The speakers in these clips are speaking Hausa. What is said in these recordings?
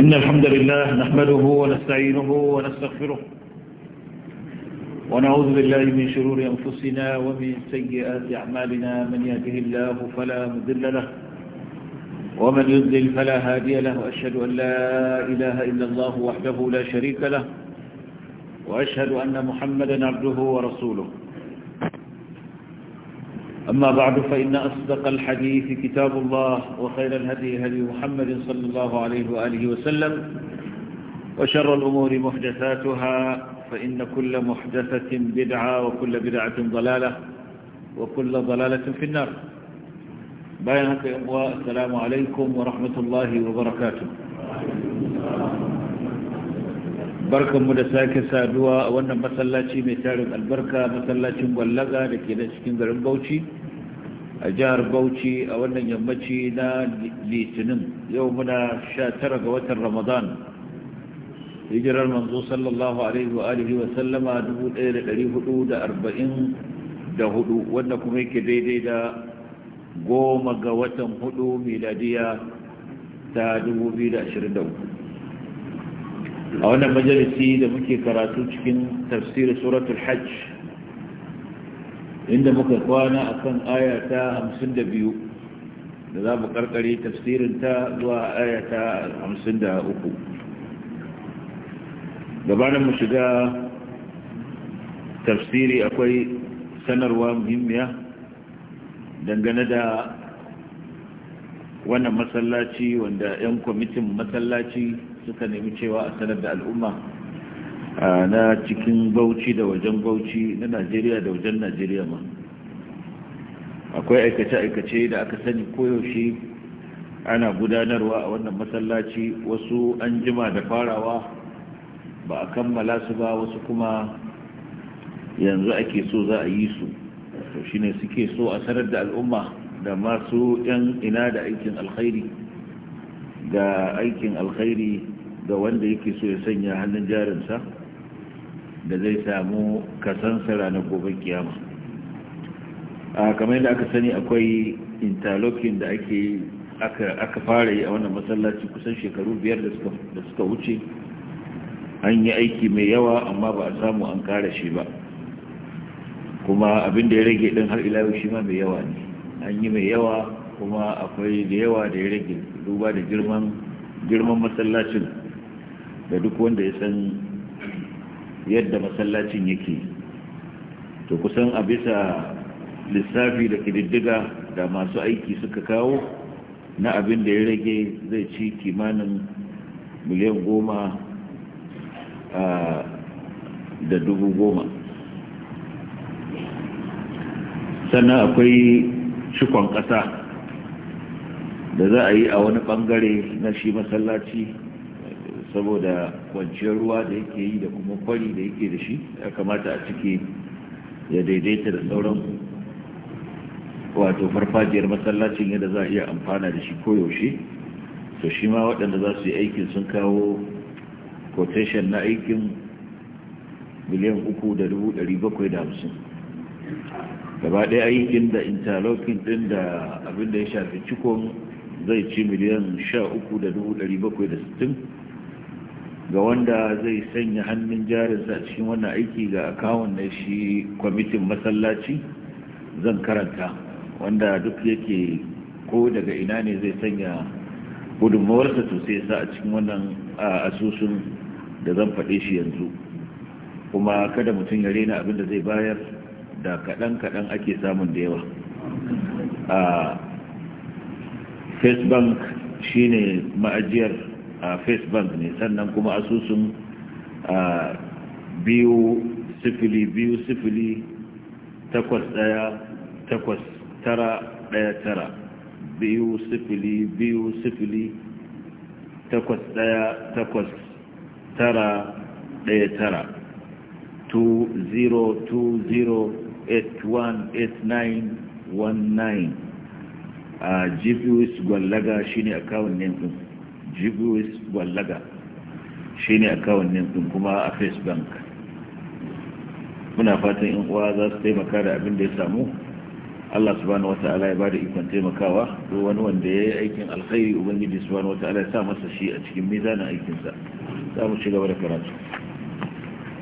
إن الحمد لله نحمده ونستعينه ونستغفره ونعوذ بالله من شرور أنفسنا ومن سيئات أعمالنا من يهده الله فلا مذل له ومن يذل فلا هادي له أشهد أن لا إله إلا الله وحده لا شريك له وأشهد أن محمدا عبده ورسوله أما بعد فإن أصدق الحديث كتاب الله وخير الهدي هدي محمد صلى الله عليه وآله وسلم وشر الأمور محدثاتها فإن كل محدثة بدعة وكل بدعة ضلالة وكل ضلالة في النار بيانك إخوة السلام عليكم ورحمة الله وبركاته barkanmu da sake saduwa a wannan masallaci mai tarin albarka masallacin gwallaga da ke da cikin garin bauchi a jihar bauchi a wannan yammaci na litinin yau muna sha tara ga watan ramadan hijirar manzo sallallahu alaihi wa alihi wa sallama 1444 wanda kuma yake daidai da goma ga watan hudu miladiya ta 2023 a wannan majalisi da muke karatu cikin tafsir suratul hajj inda muka kwana akan kan ta 52 da za mu karkare tafsirin ta zuwa ayata 53 gabanin mu shiga tafsiri akwai sanarwa muhimmiya dangane da wannan masallaci wanda 'yan kwamitin masallaci suka nemi cewa a sanar da al'umma na cikin bauchi da wajen bauchi na najeriya da wajen najeriya ma akwai aikace-aikace da aka sani koyaushe ana gudanarwa a wannan masallaci wasu an jima da farawa ba a kammala su ba wasu kuma yanzu ake so za a yi su shi ne suke so a sanar da al'umma da masu 'yan ina da aikin alkhairi ga aikin alkhairi ga wanda yake so ya sanya hannun jarinsa da zai samu kasansa ranar gobe kiyama a kamar yadda aka sani akwai interlocking da ake aka fara yi a wannan masallaci kusan shekaru biyar da suka wuce an yi aiki mai yawa amma ba a samu an kara shi ba kuma abin da ya rage ɗin har ilayu shi ma mai yawa ne an yi mai yawa kuma akwai da yawa da ya rage duba da girman girman masallacin da duk wanda ya san yadda masallacin yake to kusan a bisa lissafi da ƙididdiga da masu aiki suka kawo na abin da ya rage zai ci kimanin miliyan goma da dubu goma sannan akwai shukon ƙasa da za a yi a wani bangare na shi masallaci saboda kwanciyar ruwa da yake yi da kuma kwari da yake da shi ya kamata a ciki ya daidaita da sauran wato farfajiyar masallacin yadda za a iya amfana da shi koyaushe to shi ma waɗanda za su yi aikin sun kawo quotation na aikin miliyan uku da dubu ɗari bakwai da hamsin gaba ɗaya aikin da interlocking ɗin da abin da ya shafi cikon zai ci miliyan sha uku da dubu ga wanda zai sanya hannun jarinsa a cikin wannan aiki ga akawun na shi kwamitin masallaci zan karanta wanda duk yake ko daga ina ne zai sanya gudunmawarsa to sai sa a cikin wannan asusun da zan faɗe shi yanzu kuma kada mutum ya rena abinda zai bayar da kaɗan-kaɗan ake samun da yawa first bank ne ma'ajiyar a first bank ne sannan kuma asusun biyu sifili biyu sifili takwas daya takwas tara daya tara biyu sifili biyu sifili takwas daya takwas tara daya tara 2020 a jibus gwallaga shine akawun kawon din jibus gwallaga shine akawun kawon din kuma a face bank muna fatan in uwa za su taimaka da abin da ya samu Allah subhanahu wata'ala ya ba da ikon taimakawa ko wani wanda ya yi aikin alkhairi ubangiji subhanahu wata'ala ya sa masa shi a cikin mizanin aikinsa za mu ci gaba da karatu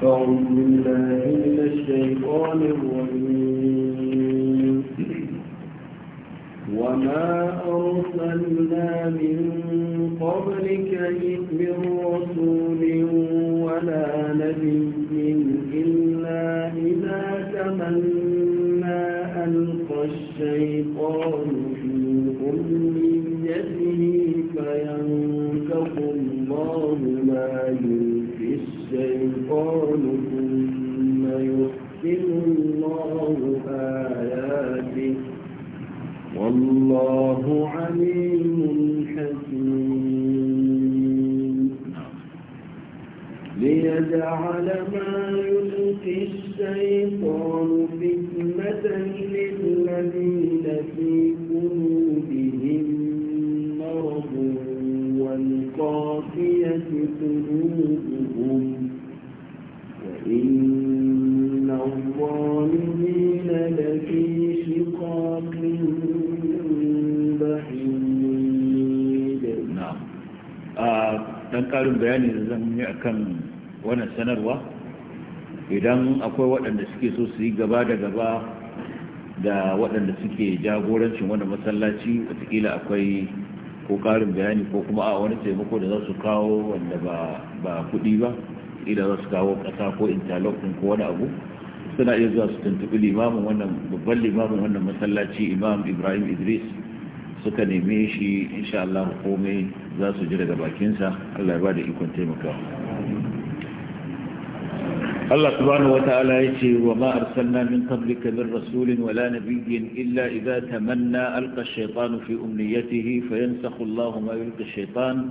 أعوذ بالله من الشيطان الرجيم وما أرسلنا من قبلك من رسول ولا نبي su yi gaba da gaba da waɗanda suke jagorancin wani masallaci watakila akwai ko ƙarin bayani ko kuma a wani taimako da za su kawo wanda ba kuɗi ba ila za su kawo ƙasa ko interlock ɗin ko wani abu suna iya zuwa su tuntuɓi limamin wannan babban limamin wannan masallaci imam ibrahim idris suka neme shi insha Allah komai za su ji daga bakinsa Allah ya ba da ikon taimakawa الله سبحانه وتعالى يتي وما أرسلنا من قبلك من رسول ولا نبي إلا إذا تمنى ألقى الشيطان في أمنيته فينسخ الله ما يلقي الشيطان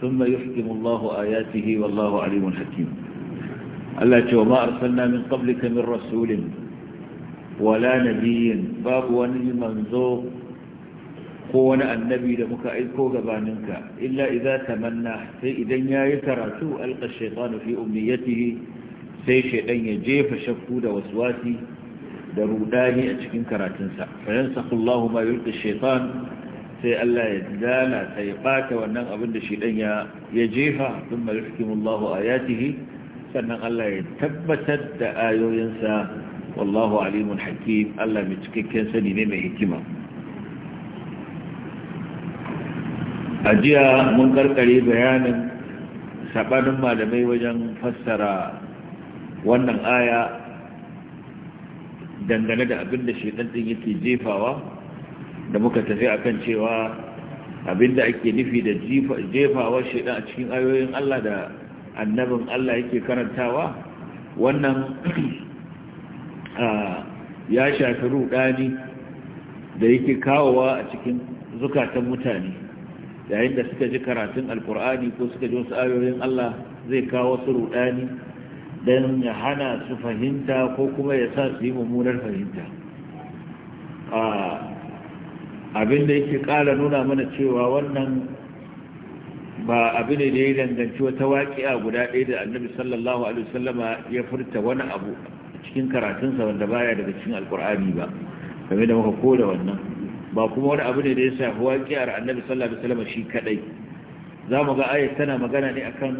ثم يحكم الله آياته والله عليم حكيم الله يتي وما أرسلنا من قبلك من رسول ولا نبي باب وني منزوق ko النبي annabi da muka aiko gabaninka illa idza tamanna sai تو ألقى الشيطان في أمنيته fi sai shaidan ya jefa shakku da waswasi da rudani a cikin karatunsa fayan sakullahu ma yulka shaitan sai Allah ya dala ta ya bata wannan abin da shaidan ya ya jefa sun ma a yatihi sannan Allah ya tabbatar da ayoyinsa wallahu alimun hakim Allah mai cikakken sani ne mai hikima a jiya mun karkare bayanin sabanin malamai wajen fassara wannan aya dangane da abin da shaitan ɗin yake jefawa da muka tafi a kan cewa abin da ake nufi da jefawa shaitan a cikin ayoyin Allah da annabin Allah yake karantawa wannan ya shafi rudani da yake kawowa a cikin zukatan mutane yayin da suka ji karatun alkur'ani ko suka ji wasu ayoyin Allah zai kawo su rudani don ya hana su fahimta ko kuma ya sa su yi mummunar fahimta abin da yake kara nuna mana cewa wannan ba abu ne da ya danganci wata waƙiya guda ɗaya da annabi sallallahu alaihi wasallama ya furta wani abu cikin karatunsa wanda baya daga cikin alkur'ani ba game da muka koda wannan ba kuma wani abu ne da ya shafi waƙiyar annabi sallallahu alaihi wasallama shi kadai za mu ga ayat tana magana ne akan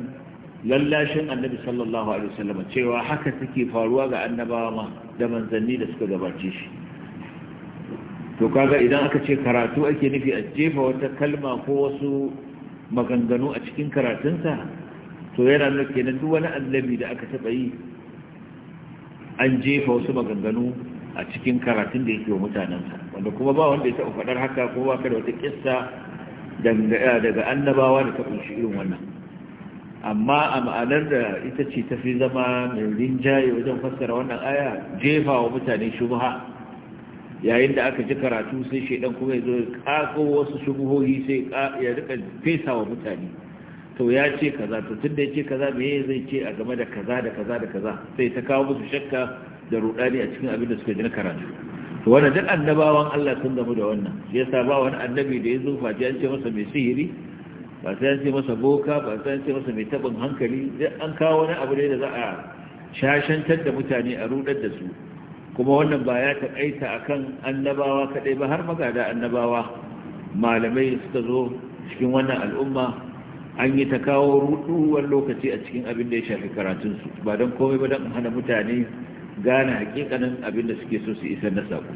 lallashin annabi sallallahu alaihi wasallam cewa haka take faruwa ga annabawa da manzanni da suka gabace shi to kaga idan aka ce karatu ake nufi a jefa wata kalma ko wasu maganganu a cikin karatunsa to yana nuna kenan duk wani annabi da aka taba yi an jefa wasu maganganu a cikin karatun da yake wa mutanensa wanda kuma ba wanda ya taɓa faɗar haka ko ba ka da wata kissa daga annabawa da ta kunshi irin wannan amma a ma'anar da ita ce ta fi zama mai rinjaye wajen fassara wannan aya jefa wa mutane shubuha yayin da aka ji karatu sai shaidan kuma ya zo ya kako wasu shubuhohi sai ya rika fesa wa mutane to ya ce kaza to tun da ya ce kaza me zai ce a game da kaza da kaza da kaza sai ta kawo musu shakka da rudani a cikin abin da suka ji na karatu to wannan duk annabawan Allah sun gamu da wannan shi yasa ba wani annabi da ya zo faji an ce masa mai sihiri ba sai ce masa boka ba sai ce masa mai tabin hankali duk an kawo wani abu ne da za a shashantar da mutane a rudar da su kuma wannan ba ya taƙaita kan annabawa kaɗai ba har magada annabawa malamai suka zo cikin wannan al'umma an yi ta kawo ruduwar lokaci a cikin abin da ya shafi karatunsu ba don komai ba don hana mutane gane hakikanin abin da suke so su isa na sako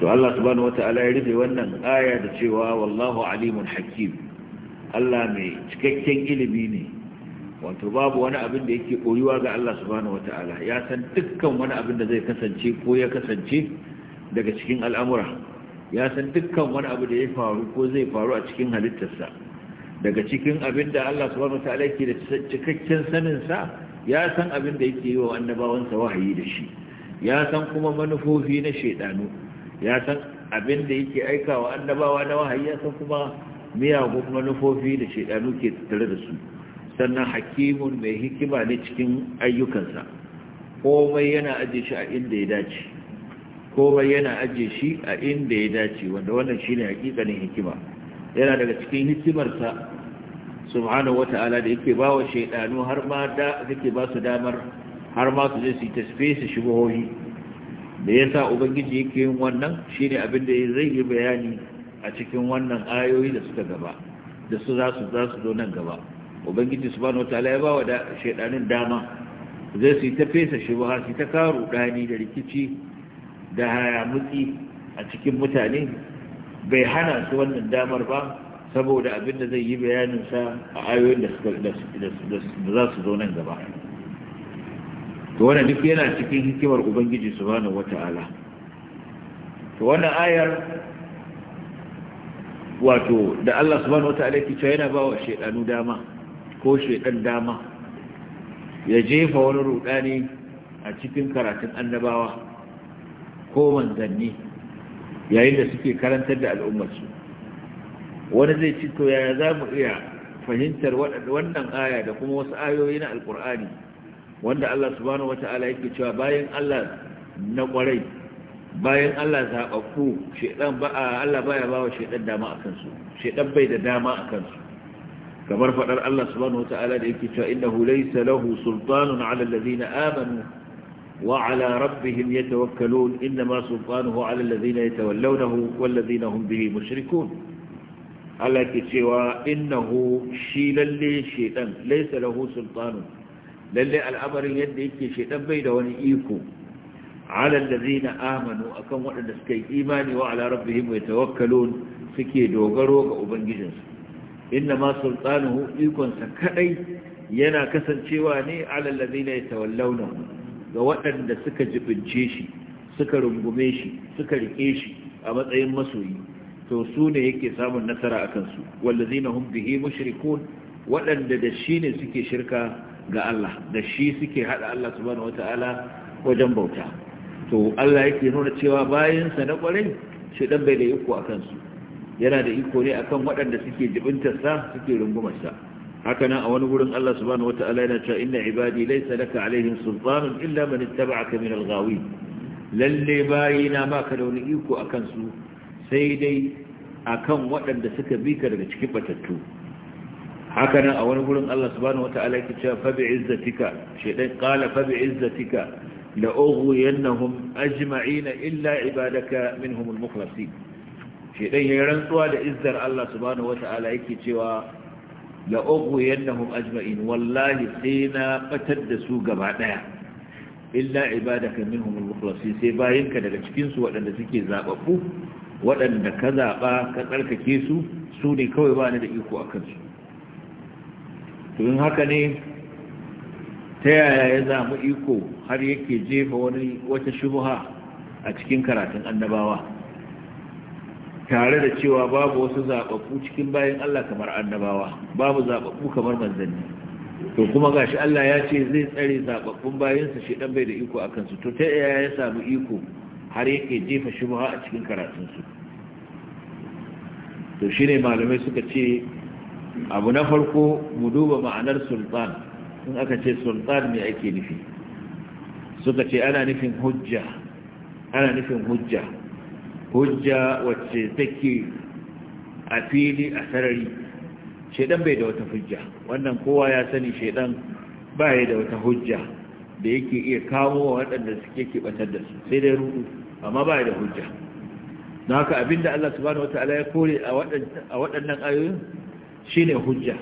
to Allah subhanahu wata'ala ya rufe wannan aya da cewa wallahu alimun hakim Allah mai cikakken ilimi ne wato babu wani abin da yake koyuwa ga Allah subhanahu wata'ala ya san dukkan wani abin da zai kasance ko ya kasance daga cikin al'amura ya san dukkan wani abu da ya faru ko zai faru a cikin halittarsa daga cikin abin da Allah subhanahu wata'ala yake da cikakken sanin sa ya san abin da yake yi wa annabawansa wahayi da shi ya san kuma manufofi na shaidanu ya san abin da yake aikawa annabawa na wahayi ya san kuma miyagun manufofi da shaidanu ke tattare da su sannan hakimun mai hikima ne cikin ayyukansa komai yana ajiye shi a inda ya dace komai yana ajiye shi a inda ya dace wanda wannan ne hakikanin hikima yana daga cikin hikimarsa subhanahu ta'ala da yake wa shaidanu har ma da yake ba su damar har ma su zai su tasfe su shubuhohi da yasa ubangiji yake yin wannan shine abin da zai yi bayani a cikin wannan ayoyi da suka gaba da su za su zo nan gaba ubangiji subhanahu wataala ya wa da shedanin dama zai su ta fesa shubha su ta karu dani da rikici da hayamutsi a cikin mutane bai hana su wannan damar ba saboda abin da zai yi bayanin sa a ayoyin da suka da za su zo nan gaba to wannan duk yana cikin hikimar ubangiji subhanahu wataala to wannan ayar wato da Allah subhanahu wataala yake cewa yana bawa shedanu dama ko shedan dama ya jefa wani rudani a cikin karatun annabawa ko manzanni yayin da suke karantar da al'ummarsu wani zai ci to yaya za mu iya fahimtar wannan aya da kuma wasu ayoyi na alqur'ani wanda Allah subhanahu wata'ala yake cewa bayan Allah na kwarai bayan Allah zaɓaɓɓu shaidan Allah baya bawa shaidan dama a kansu shaidan bai da dama a kansu kamar faɗar Allah subhanahu wata'ala da yake cewa innahu laysa lahu sultanun 'ala alladhina amanu wa 'ala rabbihim yatawakkalun inma sultanuhu 'ala alladhina yatawallawnahu wal ladhina hum bihi mushrikun Allah ke cewa innahu shi lalle shaidan laysa lahu sultanun lalle al'amarin yadda yake shaidan bai da wani iko ala amanu akan waɗanda suka yi imani wa ala rabbihim yatawakkalun suke dogaro ga ubangijinsu inna ma sultanuhu ikon sa kadai yana kasancewa ne ala allazina yatawallawnahu ga waɗanda suka jibince shi suka rungume shi suka rike shi a matsayin masoyi to su ne yake samun nasara a kansu wallazina hum bihi mushrikun waɗanda da shi ne suke shirka ga Allah da shi suke hada Allah subhanahu wataala wajen bauta to Allah yake nuna cewa bayansa na ƙwarai shi ɗan bai da iko a kansu. yana da iko ne a kan waɗanda suke jibintar sa suke rungumar sa haka nan a wani wurin Allah su subhanahu wataala yana cewa inna ibadi laysa laka alaihim sultanun illa man ittaba'aka min al-ghawin lalle bayina baka da wani iko a kansu sai dai a kan waɗanda suka bi ka daga cikin batattu haka nan a wani gurin Allah su subhanahu wataala yake cewa fa bi'izzatika shaydan ƙala fa bi'izzatika la'ogoyannahun ajima'i na illa ibadaka minhumul mukhlasi shaidan ya rantsuwa da izdar Allah subhanahu wata'ala yake cewa la'ogoyannahun ajima'i wallahi sai na batar da su gaba daya illa ibadaka minhumul mukhlasi sai bayinka daga cikin su waɗanda suke zababbu waɗanda ka zaɓa ka tsarkake su su ne kawai ba ni da iko a kansu, to in haka ne ta yaya ya zama iko har yake jefa wani wata shubuha a cikin karatun annabawa tare da cewa babu wasu zaɓaɓɓu cikin bayan Allah kamar annabawa babu zaɓaɓɓu kamar manzanni to kuma gashi Allah ya ce zai tsare bayan bayansa shi dan bai da iko akan su to ta yaya ya samu iko har yake jefa shubuha a cikin karatun su to shine malamai suka ce abu na farko mu duba ma'anar sultan in aka ce sultan mai ake nufi suka ce ana nufin hujja ana nufin hujja hujja wacce take a fili a sarari shaidan bai da wata hujja wannan kowa ya sani shaidan ya da wata hujja da yake iya kawo waɗanda suke kibatar da su sai dai rudu amma bai da hujja na haka abinda Allah subhanahu Ta'ala ya kore a waɗannan ayoyin shine hujja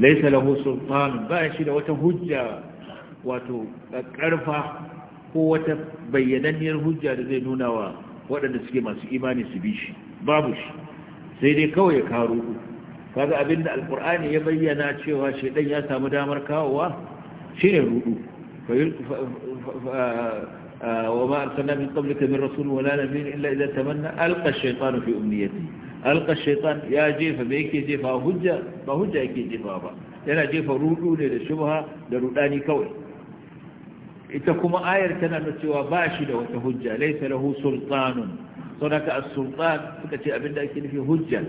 laisa lahu sultan ba shi da wata hujja wato karfa ko wata bayyananniyar hujja da zai nuna wa waɗanda suke masu imani su bi shi babu shi sai dai kawai ya karo kaga abinda alkur'ani ya bayyana cewa shedan ya samu damar kawowa shine rudu وما أرسلنا من قبلك من رسول ولا نبي alka shaitan ya jefa me yake jefa hujja ba hujja yake jefa ba yana jefa rudu ne da shubha da rudani kawai ita kuma ayar tana nuna cewa ba shi da wata hujja laysa lahu sultanun sadaka a sultan suka ce abinda ake nufi hujja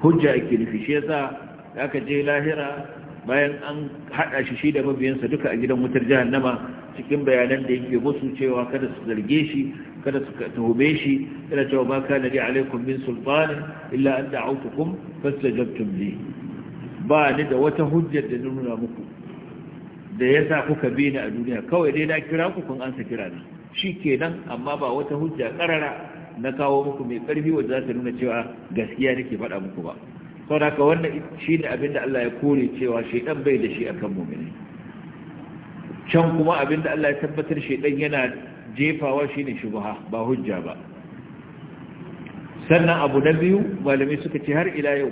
hujja ake nufi shi yasa aka je lahira bayan an haɗa shi shi da mabiyansa duka a gidan wutar nama cikin bayanan da yake musu cewa kada su zarge shi kada su tuhume shi yana cewa ma kana li alaikum min sultanin illa an da'awtukum fastajabtum li ba ni da wata hujjar da nuna muku da yasa kuka bi ni a duniya kawai dai na kira ku kun ansa kira ni shikenan amma ba wata hujja karara na kawo muku mai karfi wanda za ta nuna cewa gaskiya nake faɗa muku ba saboda ka wannan shine abin da Allah ya kore cewa shedan bai da shi akan mu'mini can kuma abin da Allah ya tabbatar shedan yana jefawa shine shubaha ba hujja ba sannan abu na biyu malami suka ce har ila yau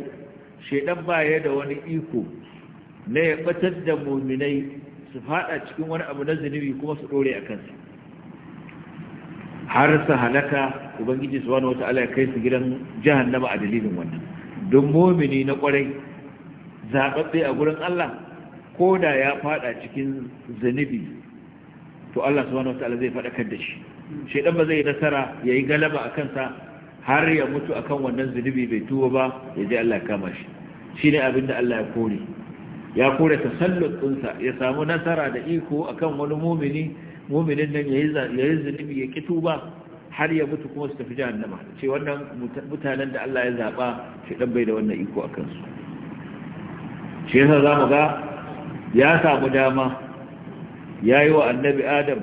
shaiɗan baya da wani iko na ya batar da muminai su fada cikin wani abu na zunubi kuma su dore a kansu har su halaka ubangiji subhanahu wataala ya kai su gidan jahannama a dalilin wannan don mumini na kwarai zaɓaɓɓe a gurin Allah ko da ya fada cikin zunubi to Allah subhanahu ta'ala zai fadakar da shi shaidan ba zai nasara yayi galaba a kansa har ya mutu akan wannan zunubi bai tuwa ba ya je Allah kama shi shine abin da Allah ya kore ya kore tasallut sa ya samu nasara da iko akan wani mumini muminin nan yayi zunubi ya ki ba? har ya mutu kuma su tafi jahannama ce wannan mutanen da Allah ya zaba shaidan bai da wannan iko akan su shi yasa zamu ga ya samu dama ya yi wa annabi adam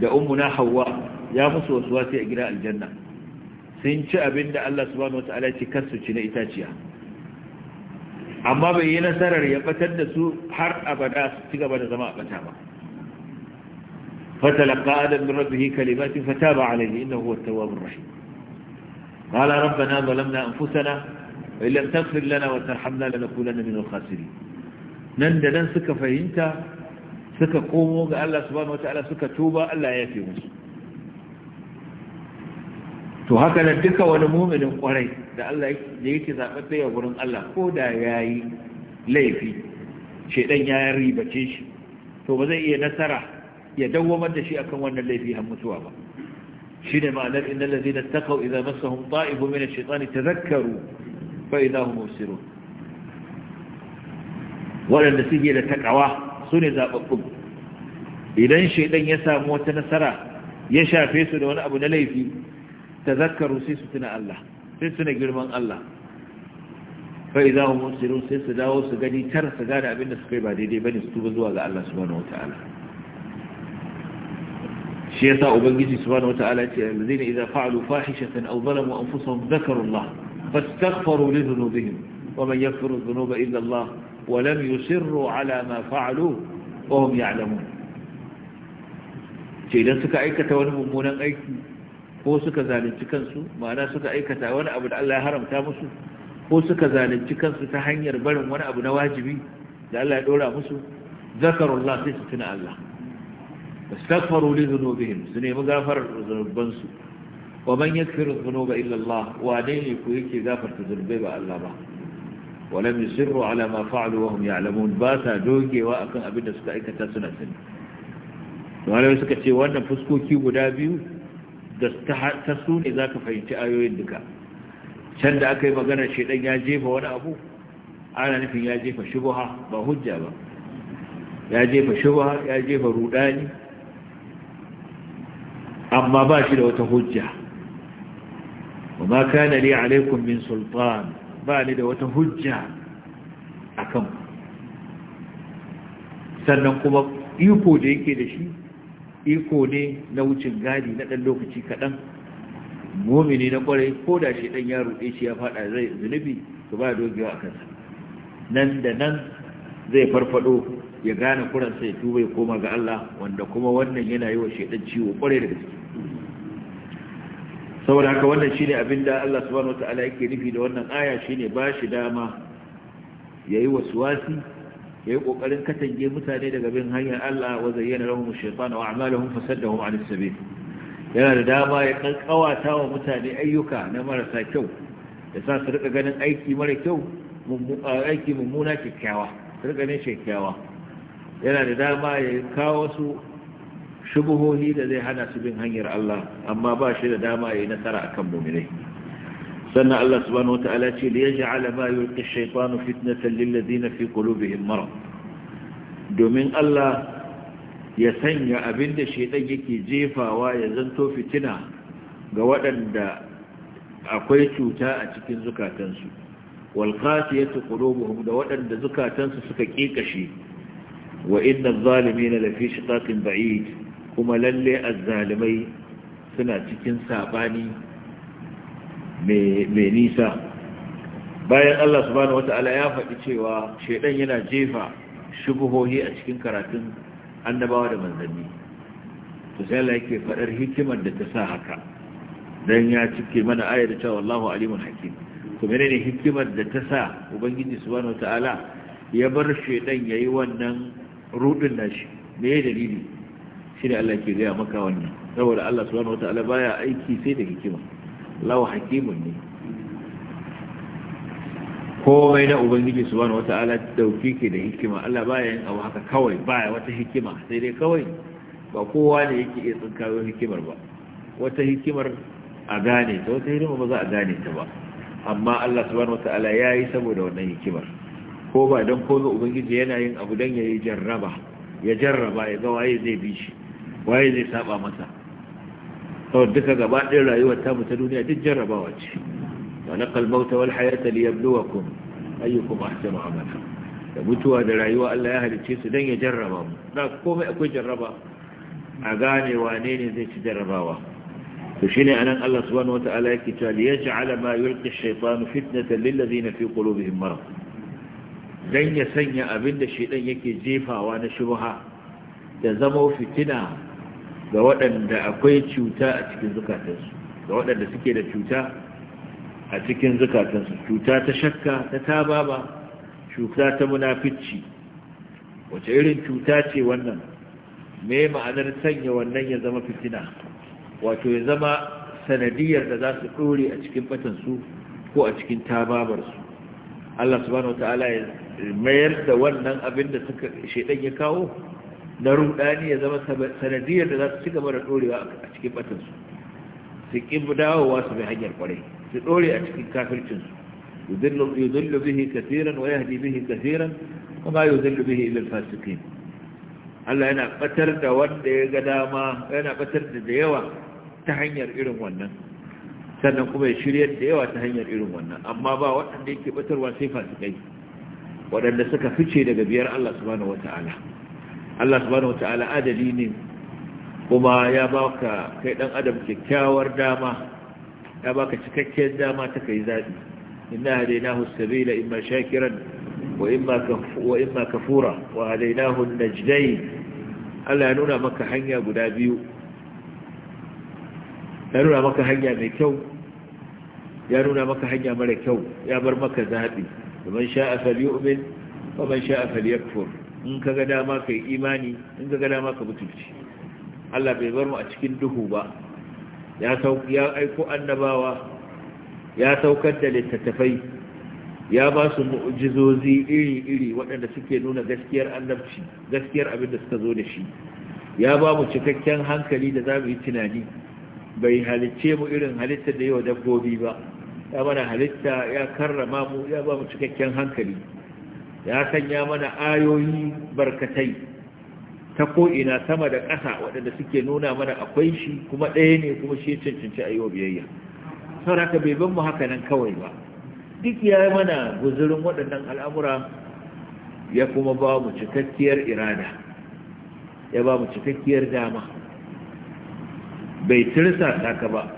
da ummuna hawa ya musu wasu wasu a gidan aljanna sun ci abin da Allah subhanahu wata'ala ci kansu ci na itaciya amma bai yi nasarar ya batar da su har abada su ci gaba da zama a bata ba فتلقى آدم من ربه كلمات فتاب عليه إنه هو التواب الرحيم قال ربنا ظلمنا أنفسنا وإن لم تغفر لنا وترحمنا لنكونن Nan da nan suka fahimta. suka komo ga Allah subhanahu wata'ala suka tuba Allah ya yafe musu to haka nan duka wani muminin kwarai da Allah da yake zaɓar tsaye wurin Allah ko da ya yi laifi shaidan ya ribace shi to ba zai iya nasara ya dawwamar da shi akan wannan laifi har mutuwa ba shi ne ma'anar inna lalzina taqaw idza massahum ta'ifu min ash ta zakaru, fa idza hum mubsirun waɗanda suke da takawa su ne zaɓaɓɓun idan shaidan ya samu wata nasara ya shafe su da wani abu na laifi ta zakaru sai su tuna Allah sai su girman Allah fa'i za mu musirun sai su dawo su gani tar su gane abinda su kai ba daidai ba ne su tuba zuwa ga Allah subhanahu wata'ala shi ya sa ubangiji subhanahu wata'ala ce alzina idza fa'alu fahishatan aw zalamu anfusahum dhakaru Allah fastaghfiru li wa man illa Allah ولم يصروا على ما فعلوا وهم يعلمون ce idan suka aikata wani mummunan aiki ko suka zalunci kansu ma'ana suka aikata wani abu da Allah ya haramta musu ko suka zalunci kansu ta hanyar barin wani abu na wajibi da Allah ya dora musu zakarullah sai su tuna Allah su nemi gafarar استغفروا لذنوبهم سنه مغفر ذنوبنسو ومن يغفر الذنوب الا الله وادين يكو يكي غفر zunubai ba Allah ba? ولم يسروا على ما فعلوا وهم يعلمون باتا دوكي واكن ابي دا suka aikata suna sani wala suka ce wannan fuskoki guda biyu da ta ta sune zaka fahimci ayoyin duka can da yi magana shedan ya jefa wani abu ana nufin ya jefa shubha ba hujja ba ya jefa shubha ya jefa rudani amma ba shi da wata hujja وما كان لي عليكم من سلطان ba ni da wata hujja a kan sannan kuma iko da yake da shi iko ne na wucin gadi na ɗan lokaci kaɗan momini na ƙwarai ko da shi ɗan yaro ɗaya shi ya faɗa zai zunubi to ba dogewa a kansa nan da nan zai farfado ya gane kuransa ya tuba ya koma ga Allah wanda kuma wannan yana yi wa shaidan ciwo ƙwarai da gaske saboda haka wannan shine abin da Allah subhanahu wataala yake nufi da wannan aya shine ba shi dama yayi ya yayi kokarin katange mutane daga bin hanyar Allah wa zayyana lahum ash-shaytanu a'malahum fasaddahum 'an sabil yana da dama ya kankawata wa mutane ayyuka na marasa kyau da sa su rika ganin aiki mara kyau aiki mummuna kyakkyawa su rika kyakkyawa yana da dama ya kawo su shubuhohi da zai hana su bin hanyar Allah amma ba shi da dama yi nasara akan mu'minai sannan Allah subhanahu wataala ce da ya ma yulqi ash-shaytanu fitnatan lil na fi qulubihim marad domin Allah ya sanya abin da shaidan yake jefawa ya zanto fitina ga waɗanda akwai cuta a cikin zukatansu walqasiyatu qulubuhum da waɗanda zukatansu suka kikashe wa inna adh na lafi shiqaqin ba'id kuma lalle azzalimai suna cikin sabani mai nisa bayan Allah subhanahu wata'ala ya faɗi cewa shaidan yana jefa shubuhohi a cikin karatun annabawa da manzanni to sai Allah yake faɗar hikimar da ta sa haka dan ya cike mana ayar cewa wallahu alimul hakim to menene hikimar da ta sa ubangiji subhanahu wata'ala ya bar shaidan yayi wannan rudin nashi me dalili shi da Allah ke gaya maka wannan saboda Allah subhanahu wataala baya aiki sai da hikima lawa hakimun ne komai na ubangiji subhanahu wataala dauki ke da hikima Allah baya yin abu haka kawai baya wata hikima sai dai kawai ba kowa ne yake iya tsinkayo hikimar ba wata hikimar a gane ta wata hikima ba za a gane ta ba amma Allah subhanahu wataala yayi saboda wannan hikimar ko ba don kowa ubangiji yana yin abu don ya yi jarraba ya jarraba ya ga waye zai bi shi waye zai saba masa kawai duka gaba ɗin rayuwar tamu ta duniya duk jarrabawa ce wa naqal mauta wal hayata liyabluwakum ayyukum ahsanu amala da mutuwa da rayuwa Allah ya halicce su dan ya jarraba mu da komai akwai jarraba a gane wane ne zai ci jarrabawa to shine anan Allah subhanahu wataala yake cewa liyaj'ala ma yulqi ash-shaytanu fitnatan lil ladina fi qulubihim marad dan ya sanya abinda shedan yake jefawa na shubha da zama fitina ga waɗanda akwai cuta a cikin zukatansu ga waɗanda suke da cuta a cikin zukatansu cuta ta shakka ta tababa cuta ta munafici wace irin cuta ce wannan me ma'anar sanya wannan ya zama fitina wato ya zama sanadiyar da za su ɗore a cikin batansu ko a cikin tababarsu Allah subhanahu wa ta'ala ya mayar da wannan abin da suka shaidan ya kawo na rudani ya zama sanadiyar da za su ci gaba da dorewa a cikin batinsu su ƙi dawowa su mai hanyar kwarai su dore a cikin kafircinsu yuzillu bihi kasiran wa yahdi bihi kasiran kuma yuzillu bihi ila fasiqin Allah yana batar da wanda ya ga dama yana batar da da yawa ta hanyar irin wannan sannan kuma ya shirya da yawa ta hanyar irin wannan amma ba waɗanda yake batarwa sai fasikai waɗanda suka fice daga biyar Allah subhanahu wata'ala Allah subhanahu wataala adali ne kuma ya baka kai dan adam kyakkyawar dama ya baka cikakkiyar dama ta kai zabi inna hadaynahu as-sabila imma shakiran wa imma wa imma kafura wa hadaynahu an-najdayn Allah ya nuna maka hanya guda biyu ya nuna maka hanya mai kyau ya nuna maka hanya mara kyau ya bar maka zabi man sha'a falyu'min wa man sha'a falyakfur in ka ga dama ka yi imani in ka ga dama ka mutunci Allah bai bar mu a cikin duhu ba ya aiko annabawa ya saukar da littattafai ya ba su mu'jizozi iri-iri waɗanda suke nuna gaskiyar annabci gaskiyar abin da suka zo da shi ya ba mu cikakken hankali da za mu yi tunani bai halicce mu irin halitta da yawa dabbobi ba ya mana halitta ya karrama mu ya ba mu cikakken hankali ya sanya mana ayoyi barkatai ta ko'ina sama da ƙasa waɗanda suke nuna mana akwai shi kuma ɗaya ne kuma shi cancanci a yi wa biyayya sauraka bai ban mu haka nan kawai ba duk ya yi mana guzurin waɗannan al'amura ya kuma ba mu cikakkiyar irada ya ba mu cikakkiyar dama bai tirsa saka ba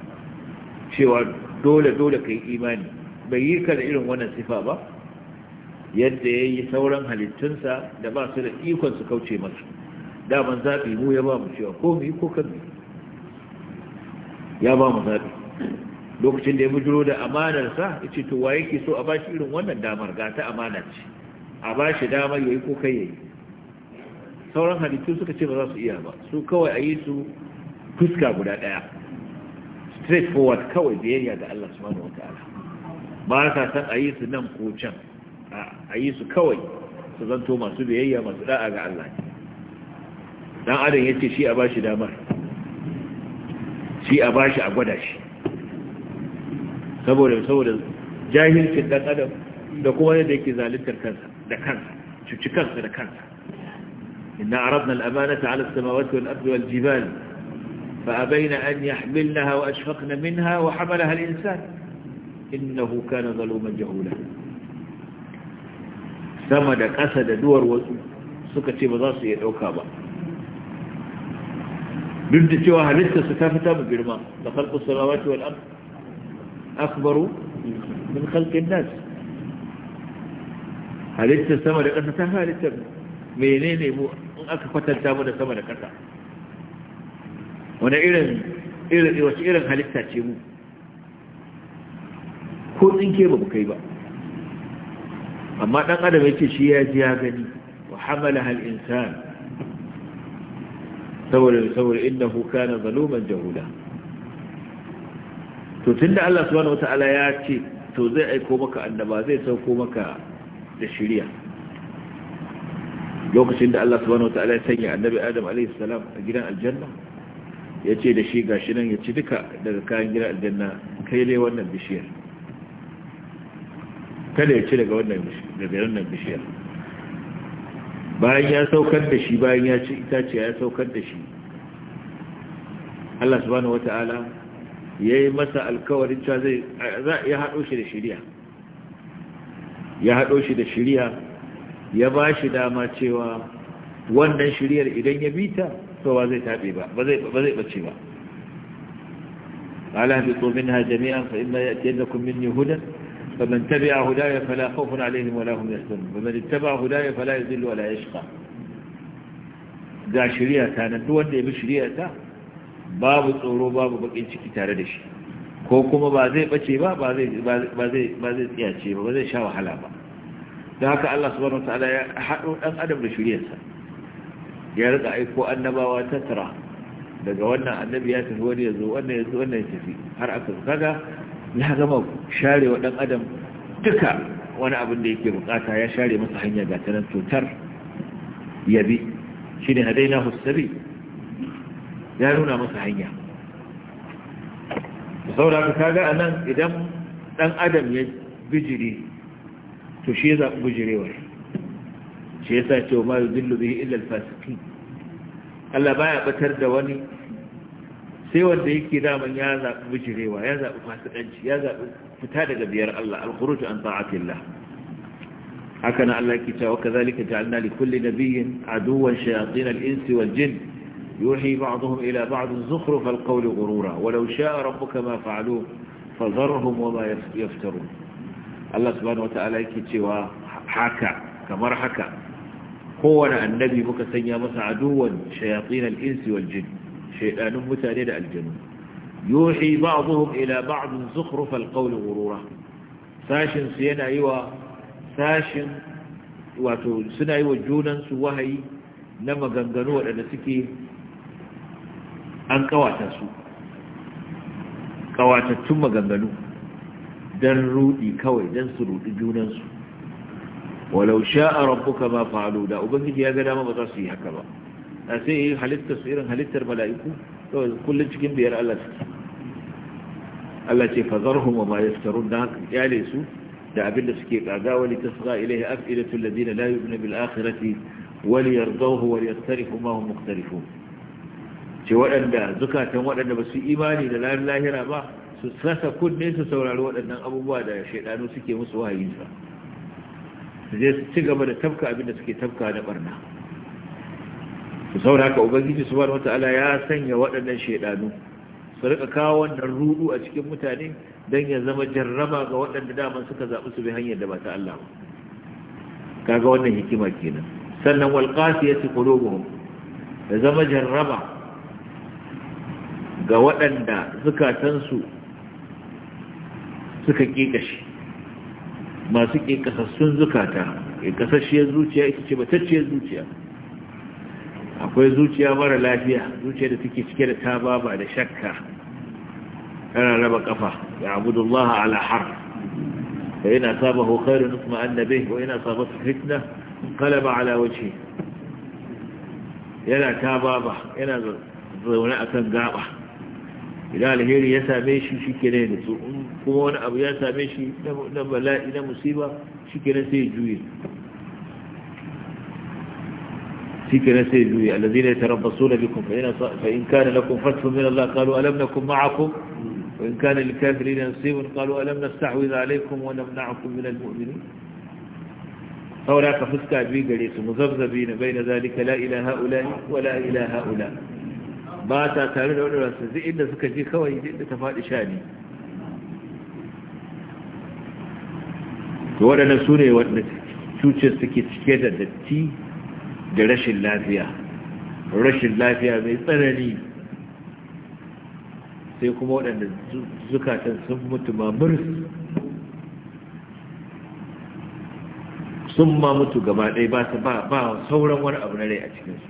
cewa dole dole ka yi imani bai yi ka da irin wannan sifa ba yadda ya yi sauran halittunsa da ba su da ikon su kauce masu daman zaɓi mu ya ba mu cewa ko mu yi ko kan ya ba mu zaɓi lokacin da ya bujiro da amanarsa ya ce to wa yake so a ba shi irin wannan damar ga ta amana ce a ba shi damar ya yi ko kai ya yi sauran halittu suka ce ba za su iya ba su kawai a yi su fuska guda ɗaya straight forward kawai biyayya ga Allah subhanahu wa ta'ala ba sa san a yi su nan ko can a yi su kawai su zanto masu biyayya masu da'a ga Allah dan adam yace shi a bashi damar shi a bashi a gwada shi saboda saboda jahilcin dan adam da kuma yadda yake zaluntar kansa da kansa cuci kansa da kansa inna aradna al-amanata 'ala as-samawati wal-ardi wal-jibali فأبين أن يحملنها وأشفقن منها وحملها الإنسان إنه كان ظلوما جهولا sama da ƙasa da duwar wasu suka ce ba za su iya ɗauka ba duk da cewa halitta su ta fita mu girma da kalkun salawa ce wani akbaru min khalqin nas halitta sama da ƙasa ta halitta menene mu in aka kwatanta mu da sama da ƙasa wani irin irin wasu irin halitta ce mu ko tsinke ba mu kai ba amma dan adam yake shi ya ji ya gani wa hamala hal insan saboda saboda innahu kana zaluman jahula to tun da Allah subhanahu wataala ya ce to zai aiko maka annaba zai sauko maka da shari'a lokacin da Allah subhanahu wataala ya sanya annabi Adam alaihi salam a gidan aljanna ya ce da shi gashi nan ya ci duka daga kayan gidan aljanna kai ne wannan bishiyar kada ya ci daga wannan bishiyar daga wannan bishiyar bayan ya saukar da shi bayan ya ci itace ya saukar da shi Allah subhanahu wata'ala ya yi masa alkawarin cewa zai ya haɗo shi da shirya ya haɗo shi da shirya ya ba shi dama cewa wannan shiryar idan ya bita ba zai taɓe ba ba zai ɓace ba قال اهبطوا منها جميعا فإما يأتينكم مني hudan فمن تبع هداي فلا خوف عليهم ولا هم يحزنون ومن اتبع هداي فلا يذل ولا يشقى ga shari'ata nan duk wanda ya bi shari'ata babu tsoro babu bakin ciki tare da shi ko kuma ba zai bace ba ba zai ba zai ba zai tsiyace ba ba zai sha wahala ba don haka Allah subhanahu wataala ya haɗo ɗan adam da shari'arsa ya rika aiko annabawa tattara daga wannan annabi ya tafi wani ya zo wannan ya wannan tafi har aka kaga ya gama share wa ɗan adam duka wani abin da yake bukata ya share masa hanya ga tanan cutar yabi shi ne na hussari ya nuna masa hanya da sauraka ga a nan idan ɗan adam ya bijiri to shi ya zaɓi bijirewar shi ya sa wa ma yi zillu bihi illa alfasikin Allah baya batar da wani sai wanda yake daman ya zaɓi bijirewa ya zaɓi fasikanci ya zaɓi fita daga biyar Allah al-khuruj an ta'atillah haka na Allah yake cewa kazalika ja'alna li kulli nabiyyin aduwwan shayatin al ins wal jin yuhi ba'dhum ila ba'd zukhruf al-qawl ghurura wa law sha'a rabbuka ma fa'alu fadharhum wa ma yaftarun Allah subhanahu wa ta'ala yake cewa haka kamar haka kowane annabi muka sanya masa aduwwan shayatin al ins wal jin shaidanun mutane da aljanu yuhi ba'dhum ila ba'd zukhruf al-qawl ghurura wurura yana yi wa sashin wato suna yi wa junansu wahayi na maganganu waɗanda suke an kawata kawatattun maganganu don rudi kawai dan su rudi junansu walau a rabbuka ba falo da ubangiji ya ga dama ba za su yi haka ba a sai yi halittar su irin halittar mala'iku kawai kullum cikin biyar Allah suke Allah ce fazarhum wa ma yastarun da haka kyale su da abin da suke kaga wani tasga ilaihi af'ilatu alladhina la yu'minu bil akhirati wal yardahu wal yastarifu ma hum mukhtalifun ce waɗanda zukatan waɗanda ba su imani da lalin lahira ba su sasa kunne su saurari waɗannan abubuwa da shaidanu suke musu wahayinsa su je su ci gaba da tabka abin da suke tafka na barna ku saura ka ubangiji subhanahu wataala ya sanya waɗannan shaidanu su rika kawo wannan rudu a cikin mutane don ya zama jarraba ga waɗanda dama suka zaɓi su bi hanyar da ba ta Allah ba kaga wannan hikima kenan sannan wal qasiyati qulubuhum ya zama jarraba ga waɗanda zukatansu suka shi masu kekasassun zukata kekasashiyar zuciya ita ce batacciyar zuciya akwai zuciya mara lafiya zuciya da take cike da taba ba da shakka kana raba kafa ya abudullaha ala har fa yana sabahu khairun isma annabi wa yana sabatu fitna qalaba ala wajhi yana taba ba yana zaune akan gaba idan alheri ya same shi shikenan da su kuma wani abu ya same shi na bala'i na musiba shikenan sai ya juye سيكنا الجوية الذين يتربصون بكم فإن, فإن كان لكم فتح من الله قالوا ألم نكن معكم وإن كان للكافرين نصيب قالوا ألم نستحوذ عليكم ونمنعكم من المؤمنين هؤلاء فسكا بي قريس مذبذبين بين ذلك لا إلى هؤلاء ولا إلى هؤلاء ما تعتمد على سيزي إلا سكجي كوي إلا تفعل شاني waɗannan نسوني ne waɗanda cucin suke cike da rashin lafiya rashin lafiya mai tsanani sai kuma waɗanda zukatan sun mutu mamur sun ma mutu gaba ɗaya ba su ba sauran wani abu na rai a cikinsu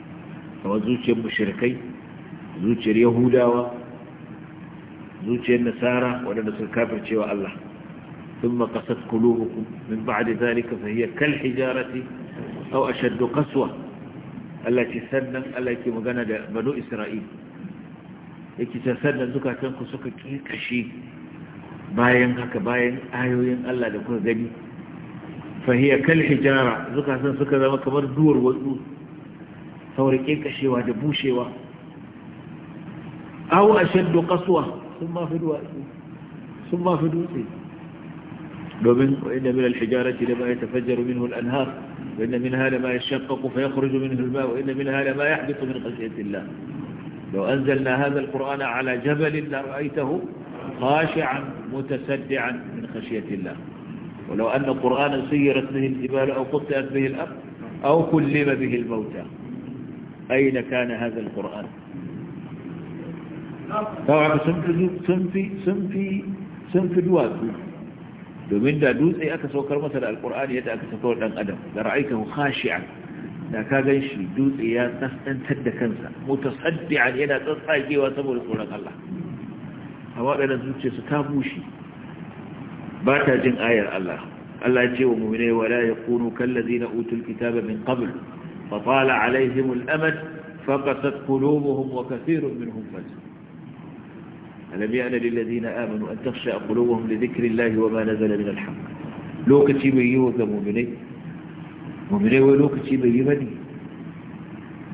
kama zuciyar mushirkai zuciyar yahudawa zuciyar nasara waɗanda sun kafir cewa Allah sun ثم قست قلوبكم من بعد ذلك فهي كالحجارة أو أشد kasuwa. Allah ce sannan Allah ke magana da banu Isra'il yake ta sannan zukatanku suka kashe bayan haka bayan ayoyin Allah da kuka gani fahiya kal hijara zukatan suka zama kamar duwar watsu saurakin kashewa da bushewa aw ashaddu qaswa sun mafi duwatsu sun ma dutse domin inda min al-hijarati da ba ya tafajjaru minhu al وإن منها لما يشقق فيخرج منه الماء وإن منها لما يحدث من خشية الله لو أنزلنا هذا القرآن على جبل لرأيته خاشعا متسدعا من خشية الله ولو أن القرآن سيرت به الجبال أو قطعت به الأرض أو كلم به الموتى أين كان هذا القرآن طبعا نعم. سنفي سنفي سنفي سنفي الواقع domin da dutse aka saukar masa da alkur'ani yadda aka saukar dan adam da ra'aikahu khashi'an da ka gan shi dutse ya tsantsantar da kansa mutasaddi'an yana tsantsagewa saboda tsoron Allah amma da zuciya su ta bushe ba ta jin ayar Allah Allah ya ce wa mu'mine wa la yakunu kallazina utul kitaba min qabl fa tala alaihim al-amad faqasat qulubuhum wa kathirun minhum ألم يأن للذين آمنوا أن تخشى قلوبهم لذكر الله وما نزل من الحق لوكتي بيوة مؤمني مؤمني ولوكتي بيبني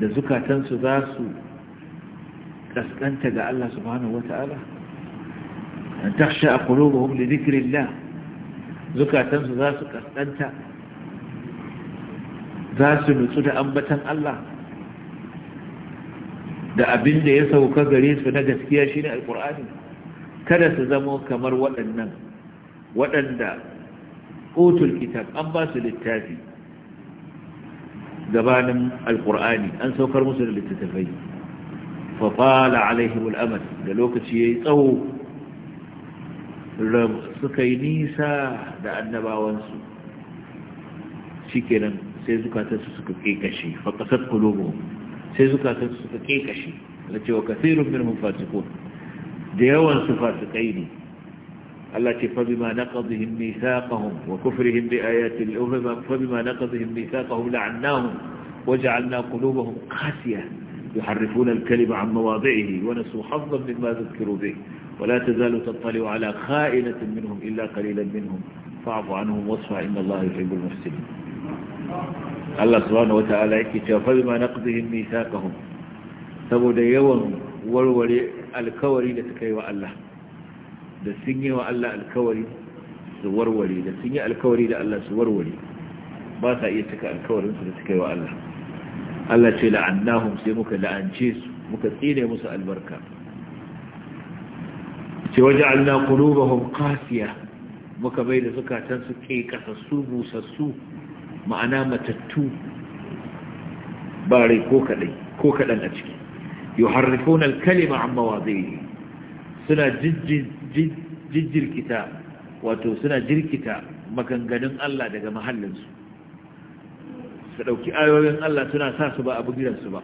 da zukatansu za su kaskanta ga Allah subhanahu wa ta'ala an taksha a ƙulubuhun da zikirillah zukatansu za su kaskanta za su nutsu da ambatan Allah da abin da ya sauka gare su na gaskiya shine alkur'ani kada su zamo kamar waɗannan waɗanda utul kitab an ba su littafi gabanin Alƙur'ani an saukar musu da littattafai fa fala alaihim da lokaci yi tsawo suka yi nisa da annabawansu kenan sai zukatarsu suka kekashe fa kulobo سيزوكا تنسفكيكشي التي وكثير منهم فاسقون ديوان سفاسقيني التي فبما نقضهم ميثاقهم وكفرهم بآيات الأمم فبما نقضهم ميثاقهم لعناهم وجعلنا قلوبهم قاسية يحرفون الكلب عن مواضعه ونسوا حظا مما ذكروا به ولا تزال تطلع على خائنة منهم إلا قليلا منهم فاعفوا عنهم واصفى إن الله يحب المفسدين Thank you. Allah subhanahu wata'ala yake cewa fa bima naqdihim mithaqahum saboda yawan warware alkawari da suka yi wa Allah da sun yi wa Allah alkawari su warware da sun yi alkawari da Allah su warware ba sa iya cika alkawarin su da suka yi wa Allah Allah ce la'annahum sai muka la'ance su muka tsine musu albarka ce waja'alna qulubahum qasiya muka bai da zukatan su ke ƙasassu busassu ma'ana matattu ba rai ko kaɗan a ciki yau harrifon alkalima amma wa zai suna wato suna jirkita maganganun Allah daga mahallinsu su ɗauki ayoyin Allah suna sa su ba a gidansu ba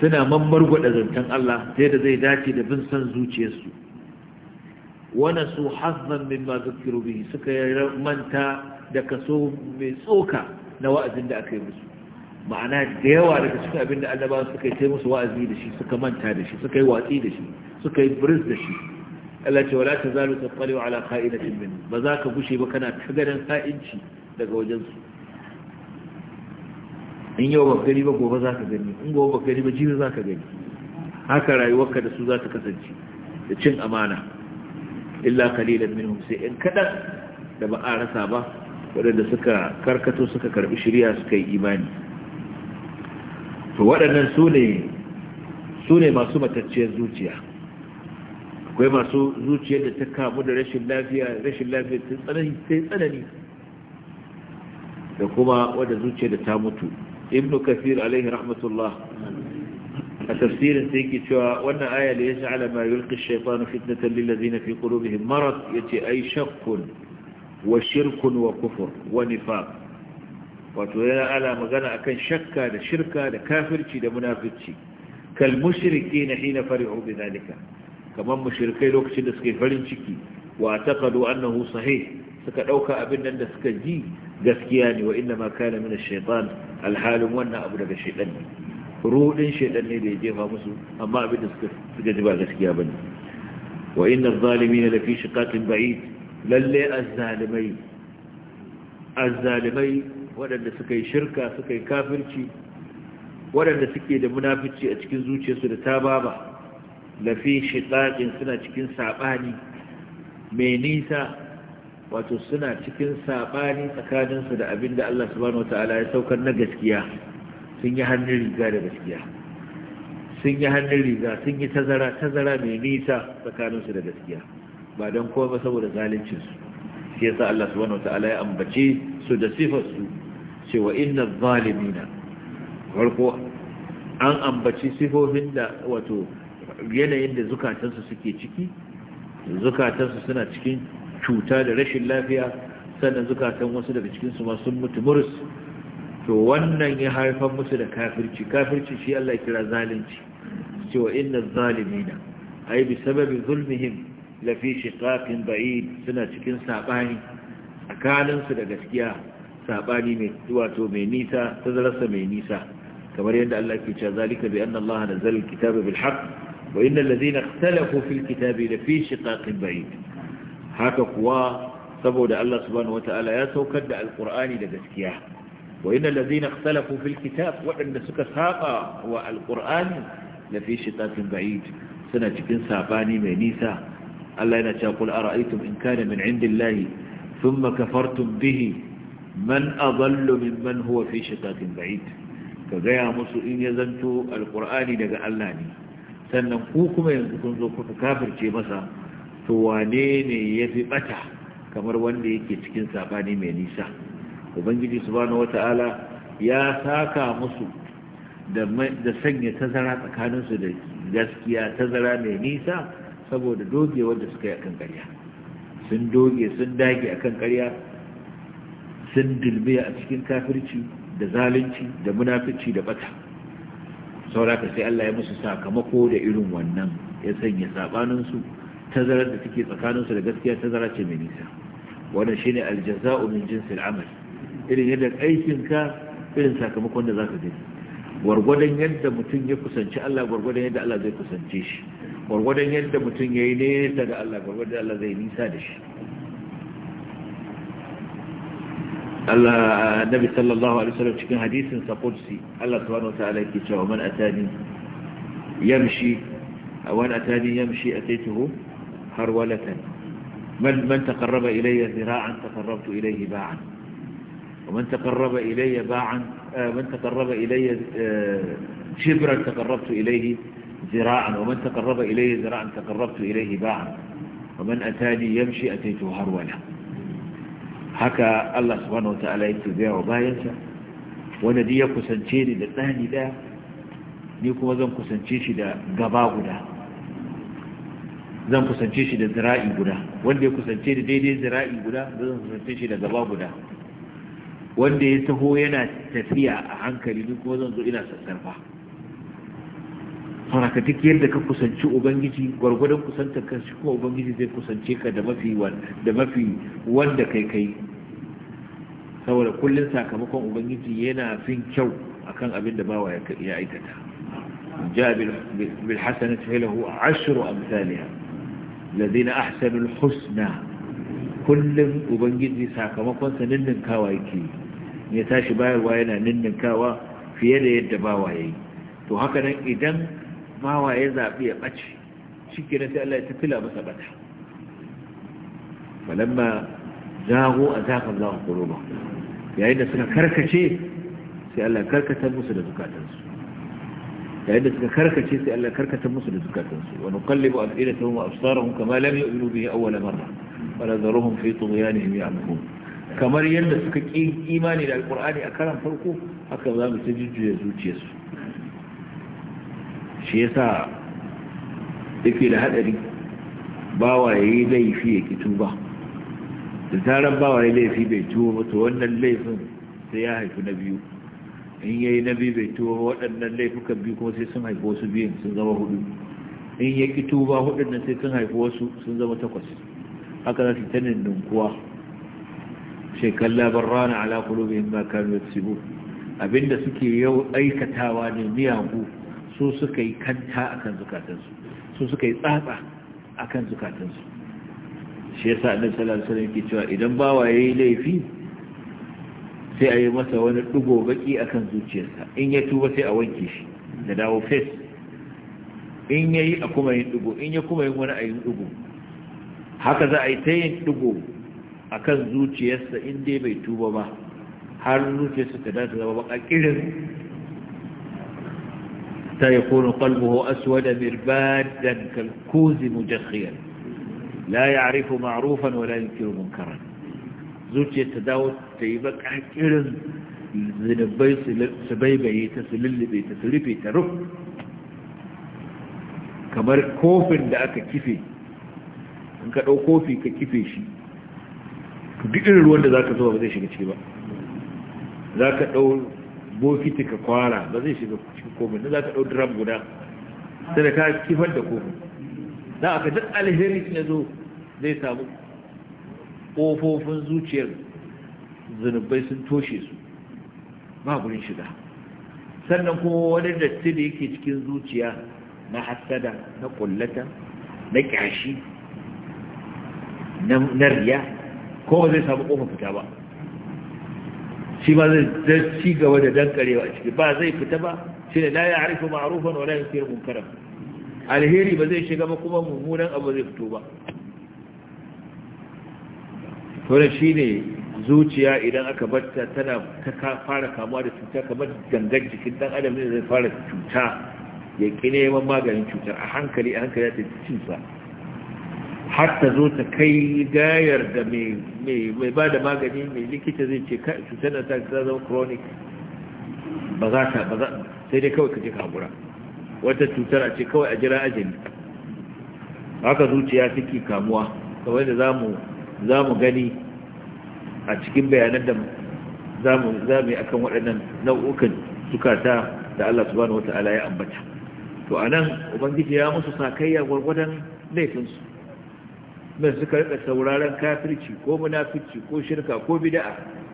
suna mambar gwada zantan Allah ta yadda zai dace da bin san zuciyarsu wana su hasnan min ma zukiru bihi suka manta da kaso mai tsoka na wa'azin da aka yi musu ma'ana da yawa daga cikin abin da allaba suka yi ta musu wa'azi da shi suka manta da shi suka yi watsi da shi suka yi biris da shi Allah ce wala ta zalu ta alaƙa ala cin min ba za ka gushe ba kana ta ganin sa'inci daga wajensu in yau ba gani ba gobe za ka gani in gobe ba gani ba jibi za ka gani haka rayuwarka da su za ta kasance da cin amana illa kalilan minhum sai in kaɗan da ba a rasa ba waɗanda suka karkato suka karbi shirya suka yi imani to waɗannan su ne masu matacciyar zuciya akwai masu zuciyar da ta kamu da rashin lafiya rashin lafiya ta tsanani sai tsanani da kuma wadda zuciyar da ta mutu ibn kafir alaihi rahmatullah a tafsirin sai yake cewa wannan aya da ya sha'ala ma yulqi ash-shaytanu fitnatan lil ladina fi qulubihim marad yace ay shakkun wa shirkun wa kufur wa nifaq wato yana ala magana akan shakka da shirka da kafirci da munafici kal mushriki na hina fari'u bi zalika kamar mushrikai lokacin da suke farin ciki wa taqadu annahu sahih suka dauka abin nan da suka ji gaskiya ne wa inna ma kana min ash-shaytan alhalin wannan abu daga shaytan ne rudin shaytan ne da ya jefa musu amma abin da suka ji ba gaskiya bane wa inna adh-dhalimina lafi shiqaqin ba'id lalle azzalimai azzalimai waɗanda suka yi shirka suka yi kafirci waɗanda suke da munafici a cikin zuciyarsu da tababa lafi shiqaqin suna cikin sabani mai nisa wato suna cikin sabani tsakaninsu da abinda Allah subhanahu wataala ya saukar na gaskiya sun yi hannun riga da gaskiya sun yi hannun riga sun yi tazara tazara mai nisa tsakaninsu da gaskiya ba don kowa saboda zalincinsu shi sa Allah wani wata'ala ya ambace su da sifarsu cewa inna zalimina harko an ambaci sifofin da wato yanayin da zukatansu suke ciki zukatansu suna cikin cuta da rashin lafiya sannan zukatan wasu daga cikinsu ma sun mutu murus to wannan ya haifar musu da kafirci kafirci shi Allah kira zalunci cewa inna zalimina ai bi sababi zulmihim lafi shiqaqin ba'id suna cikin sabani tsakaninsu da gaskiya saɓani mai wato mai nisa tazararsa mai nisa kamar yadda Allah ke cewa zalika bi anna Allah nazzala al-kitaba bil haqq wa innal ladhina ikhtalafu fil kitabi lafi shiqaqin ba'id haka kuwa saboda Allah subhanahu ya saukar da alqur'ani da gaskiya wa innal ladhina ikhtalafu fil kitab suka saba wa alqur'ani lafi shiqaqin ba'id suna cikin sabani mai nisa Allah yana cewa kul ara'aytum in kana min indillahi thumma kafartum bihi man adallu mimman huwa fi shiqaqin ba'id ka gaya musu in ya zanto alqur'ani daga Allah ne sannan ku kuma yanzu kun zo kuka kafirce masa to wane ne yafi bata kamar wanda yake cikin sabani mai nisa ubangiji subhanahu wata'ala ya saka musu da sanya tazara tsakaninsu da gaskiya tazara mai nisa saboda doge wanda suka yi akan ƙarya sun doge sun dage akan ƙarya sun dilbe a cikin kafirci da zalunci da munafici da bata sauraka sai Allah ya musu sakamako da irin wannan ya sanya sabaninsu tazarar da take tsakaninsu da gaskiya tazara ce mai nisa wannan shine aljaza'u min jinsil amal irin yadda aikin ka irin sakamakon da zaka gani gwargwadon yadda mutum ya kusanci Allah gwargwadon yadda Allah zai kusance shi gwargwadon yadda mutum ya yi nesa da Allah gwargwadon Allah zai nisa da shi Allah nabi sallallahu alaihi wasallam cikin hadisin sa qudsi Allah subhanahu wataala yake cewa man atani yamshi wan atani yamshi ataituhu harwalatan man man taqarraba ilayya zira'an taqarrabtu ilayhi ba'an ومن تقرب إلي باعا من تقرب إلي شبرا تقربت إليه ذراعا ومن تقرب إليه ذراعا تقربت إليه باعا ومن أتاني يمشي أتيته هرولا haka Allah subhanahu wata'ala yake biya wa bayansa wanda duk kusance ni da tsani da ni kuma zan kusance shi da gaba guda zan kusance shi da zira'i guda wanda ya kusance da daidai zira'i guda zan kusance shi da gaba guda wanda ya taho yana tafiya a hankali ni kuma zan zo ina sassarfa sauraka yadda ka kusanci ubangiji gwargwadon kusantar ka shi kuma ubangiji zai kusance ka da mafi da mafi wanda kai kai saboda kullun sakamakon ubangiji yana fin kyau akan abin da bawa ya aikata ja bil hasanati falahu ashru amsalha ladina ahsanu al husna kullun ubangiji sakamakon sa ninninkawa yake ya tashi bayarwa yana ninninkawa fiye da yadda bawa yayi to haka nan idan bawa ya zaɓi ya ɓace shi kira sai Allah ya tafila masa bata falamma zago a zafin lahun kuroba yayin da suka karkace sai Allah karkatar musu da zukatansu yayin da suka karkace sai Allah karkatar musu da zukatansu wa nuqallibu af'ilatahum wa absarahum kama lam yu'minu bihi awwal marra wa nadharuhum fi a ya'mahun kamar yadda suka ki imani da alqur'ani a karan farko haka za mu ta jujjuya zuciyarsu shi yasa yake da hadari bawa yayi laifi ya kitu ba da zarar bawa yayi laifi bai tuwo to wannan laifin sai ya haifi na biyu in yayi na biyu bai tuwo waɗannan laifukan biyu kuma sai sun haifi wasu biyun sun zama hudu in ya kitu ba hudun nan sai sun haifi wasu sun zama takwas haka za su ta kuwa shekan labar rana ala kulubin ma kanu ya abinda suke yau aikatawa ne miyagu su suka yi kanta a kan zukatansu su suka yi tsatsa a kan zukatansu shi ya annabi sallallahu alaihi ke cewa idan bawa yi laifi sai a yi masa wani ɗigo baki a kan zuciyarsa in ya tuba sai a wanke shi da dawo fes in ya yi a kuma yin ɗigo in ya kuma yin wani a yin ɗigo haka za a yi ta yin ɗigo a kan zuciyarsa in dai bai tuba ba har zuciyarsa ta dace zama baka kirin حتى يكون قلبه أسود مربادا كالكوز مجخيا لا يعرف معروفا ولا ينكر منكرا زوجي تداوت تيبك أكيرن زنبي سبيبي تسللبي تسلبي ترف kamar kofin da aka kife in ka ɗau kofi ka kife shi duk ruwan da za ka zuwa ba zai shiga ciki ba za ka ɗau bokiti ka kwara ba zai shiga ciki komin da za ka ɗau ram guda sai da ka kifar da komin da aka duk alheri ya zo zai samu ƙofofin zuciyar zunubai sun toshe su ba gurin shiga sannan kuma wani datti da yake cikin zuciya na hassada na kullata na ƙyashi na riya ko zai samu ƙofa fita ba shi ba zai ci gaba da dankarewa a ciki ba zai fita ba shine la ya'rifu ma'rufan wa la yunkiru munkaran alheri ba zai shiga ba kuma mummunan abu zai fito ba to shine zuciya idan aka batta tana ta fara kamuwa da cuta kamar gangan jikin dan adam ne zai fara cuta ya ki neman maganin cutar a hankali a hankali ta ci sa har ta zo ta kai gayar da mai ba da magani mai likita zai ce cutar da ta zama chronic sai dai kawai ka je ka wata cutar a ce kawai a jira ajali haka zuciya take kamuwa kawai da za mu gani a cikin bayanan da za mu yi akan waɗannan nau'ukan sukata da Allah subhanahu wata'ala ya ambata to a nan ubangiji ya musu sakayya gwargwadon laifinsu mai suka rika sauraron kafirci ko munafici ko shirka ko bida'a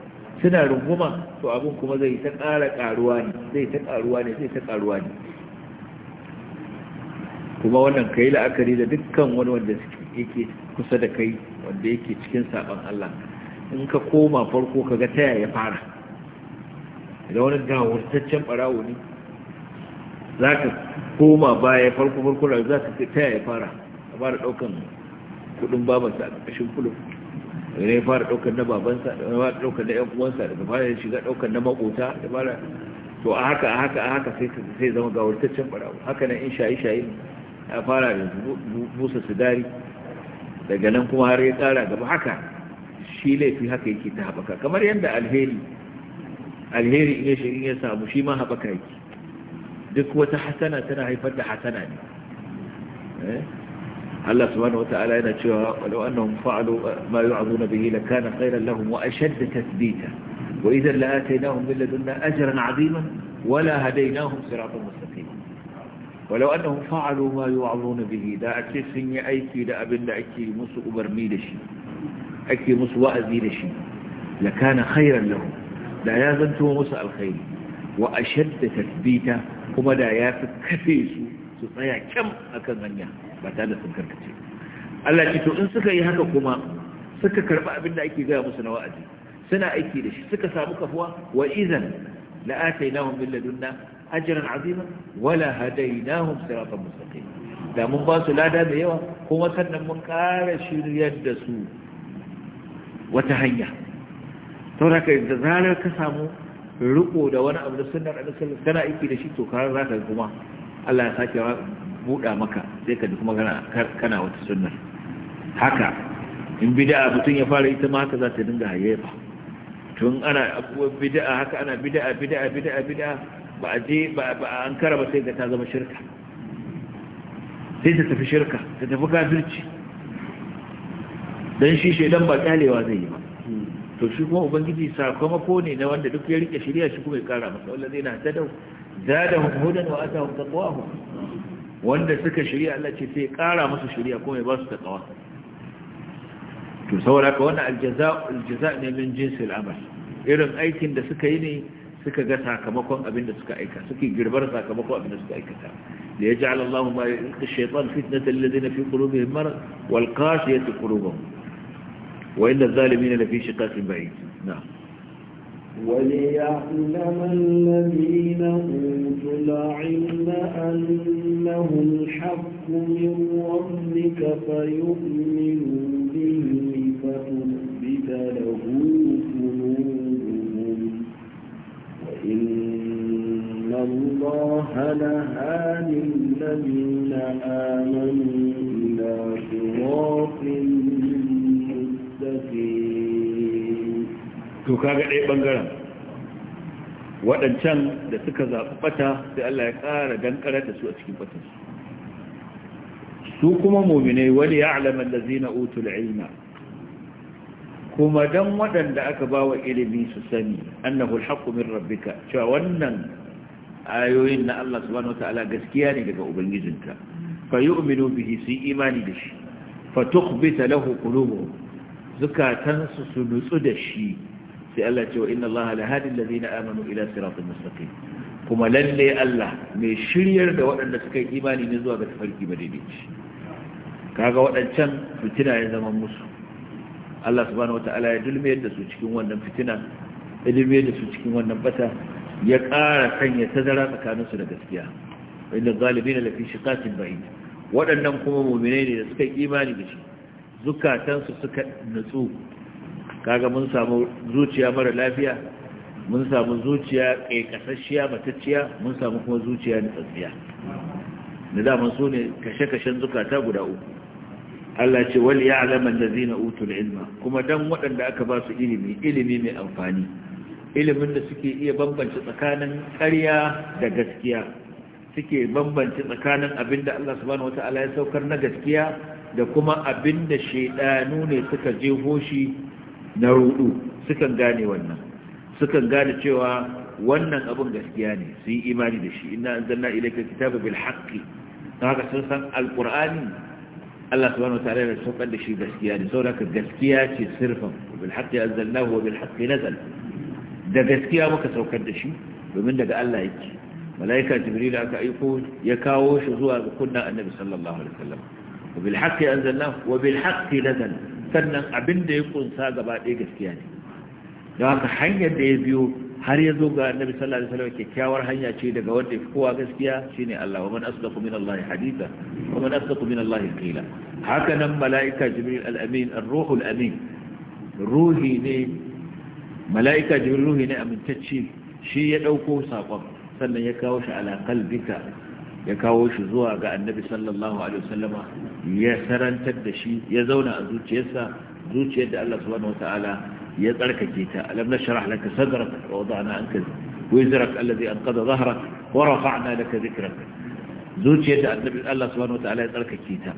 suna runguma to abin kuma zai ta ƙara ƙaruwa ne zai ta ƙaruwa ne zai ta ƙaruwa ne kuma wannan kai la'akari da dukkan wani wanda yake kusa da kai wanda yake cikin saban Allah in ka koma farko ka ga ta yaya fara idan wani gawurtaccen barawo ne za ka koma baya farko farko da za ka ta yaya fara a fara ɗaukan kuɗin babansa a ƙarƙashin kuluf ne fara daukar na babansa da fara daukar na yan uwansa da fara shiga daukar na makota da fara to a haka a haka a haka sai sai zama wurtaccen barawo haka nan in shayi shayi ya fara da busa sigari daga nan kuma har ya tsara gaba haka shi laifi haka yake ta haɓaka kamar yadda alheri alheri in ya shi ya samu shi ma haɓaka yake duk wata hasana tana haifar da hasana ne eh? Allah subhanahu wata'ala yana cewa walau annahum fa'alu ma yu'azuna bihi lakana khayran lahum wa ashadda tathbita wa idhan la'ataynahum min ladunna ajran 'azima wala hadaynahum siratan mustaqima walau annahum fa'alu ma yu'azuna bihi da ake sun yi aiki da abin da ake musu umarni da shi ake musu wa'azi da shi lakana khayran lahum da ya zanto musu alkhairi wa ashadda tathbita kuma da ya fi kafe su su tsaya kyam akan hanya ba ta da sun karkace Allah ce to in suka yi haka kuma suka karɓi abin da ake gaya musu na wa'azi suna aiki da shi suka samu kafuwa wa izan idan la'atainahum min ladunna ajran azima wala hadainahum siratan mustaqim da mun ba su lada da yawa kuma sannan mun ƙara shiryar da su wata hanya to da kai da zarar ka samu riko da wani abu da sunnar annabi sallallahu alaihi wasallam kana aiki da shi to ka za kuma Allah ya sake buɗa maka sai ka ji kuma kana wata sunnar haka in bida'a mutum ya fara ita ma haka za ta dinga ba tun ana abubuwan bida'a haka ana bida'a bida'a bida'a bida'a ba a je ba a an kara ba sai ga ta zama shirka sai ta tafi shirka ta tafi kafirci don shi shaidan ba kyalewa zai yi ba to shi kuma ubangiji sakamako ne na wanda duk ya rike shirya shi kuma ya kara masa zai na tadau zadahum hudan wa atahum taqwahum wanda suka shirya Allah ce sai ƙara musu shirya kuma ya ba su taqwa to saboda ka wannan aljaza' ne min jinsi amal irin aikin da suka yi ne suka ga sakamakon abin da suka aika suke girbar sakamakon abin da suka aikata da ya ja'ala Allahu ma yuqi shaytan fitnatal na fi qulubihim marad wal qasiyati qulubuhum wa inda adh na lafi shiqaqin ba'id na'am وليعلم الذين أوتوا العلم أنه الحق من ربك فيؤمنوا به فتثبت له قلوبهم وإن الله لهادي الذين آمنوا إلى صراط to kaga ɗaya ɓangaren waɗancan da suka zaɓi ɓata sai Allah ya ƙara dankara da su a cikin ɓatan su kuma muminai wani ya alamar da zina utul ilma kuma don waɗanda aka ba wa ilimi su sani annahu alhaqqu rabbika cewa wannan ayoyin na Allah subhanahu wataala gaskiya ne daga ubangijinta. fa yu'minu bihi su imani da shi fa tukhbita lahu qulubuhum zukatansu su nutsu da shi sai Allah ce wa inna Allah la hadi allazina amanu ila siratal mustaqim kuma lalle Allah mai shiryar da waɗanda suka yi imani ne zuwa ga tafarki ba daidai kaga waɗancan fitina ya zama musu Allah subhanahu wataala ya dulmiyar da su cikin wannan fitina ya dulmiyar da su cikin wannan bata ya ƙara sanya tazara tsakaninsu da gaskiya inda galibi na lafi shiƙatin bai waɗannan kuma mummune ne da suka yi imani da shi zukatansu suka nutsu kaga mun samu zuciya mara lafiya mun samu zuciya ƙaiƙasasshiya matacciya mun samu kuma zuciya nutsatsiya da daman su ne kashe-kashen zukata guda uku Allah ce wal ya'laman allazina utul ilma kuma dan waɗanda aka ba su ilimi ilimi mai amfani ilimin da suke iya bambance tsakanin ƙarya da gaskiya suke bambance tsakanin abinda Allah subhanahu wata'ala ya saukar na gaskiya da kuma abinda shaidanu ne suka jeho na rudu sukan gane wannan sukan gane cewa wannan abun gaskiya ne su yi imani da shi ina inna anzalna ilayka kitaba bil haqqi haka sun san alqur'ani Allah subhanahu wa ta'ala ya saukar da shi gaskiya ne saboda gaskiya ce sirfan bil haqqi anzalnahu wa bil haqqi nazal da gaskiya muka saukar da shi domin daga Allah yake malaika jibril aka aiko ya kawo shi zuwa ga kunnan annabi sallallahu alaihi wasallam wa bil haqqi anzalnahu wa bil haqqi nazal sannan abin da ya kunsa gaba ɗaya gaskiya ne da haka hanyar da ya biyo har ya zo ga annabi sallallahu alaihi wasallam kyakkyawar hanya ce daga wanda yafi kowa gaskiya shine Allah wa man asdaqu min Allah haditha wa man asdaqu min Allah qila haka nan malaika jibril al-amin ar-ruhul amin ruhi ne malaika jibril ruhi ne amintacce shi ya dauko sakon sannan ya kawo shi ala qalbika ya kawo shi zuwa ga annabi sallallahu alaihi wasallama ya sarantar da shi ya zauna a zuciyarsa zuciyar da Allah subhanahu wataala ya tsarkake ta alam nashrah laka sadrak wa wada'na anka wizrak alladhi anqadha dhahrak wa rafa'na laka dhikrak zuciyar da annabi Allah subhanahu wataala ya tsarkake ta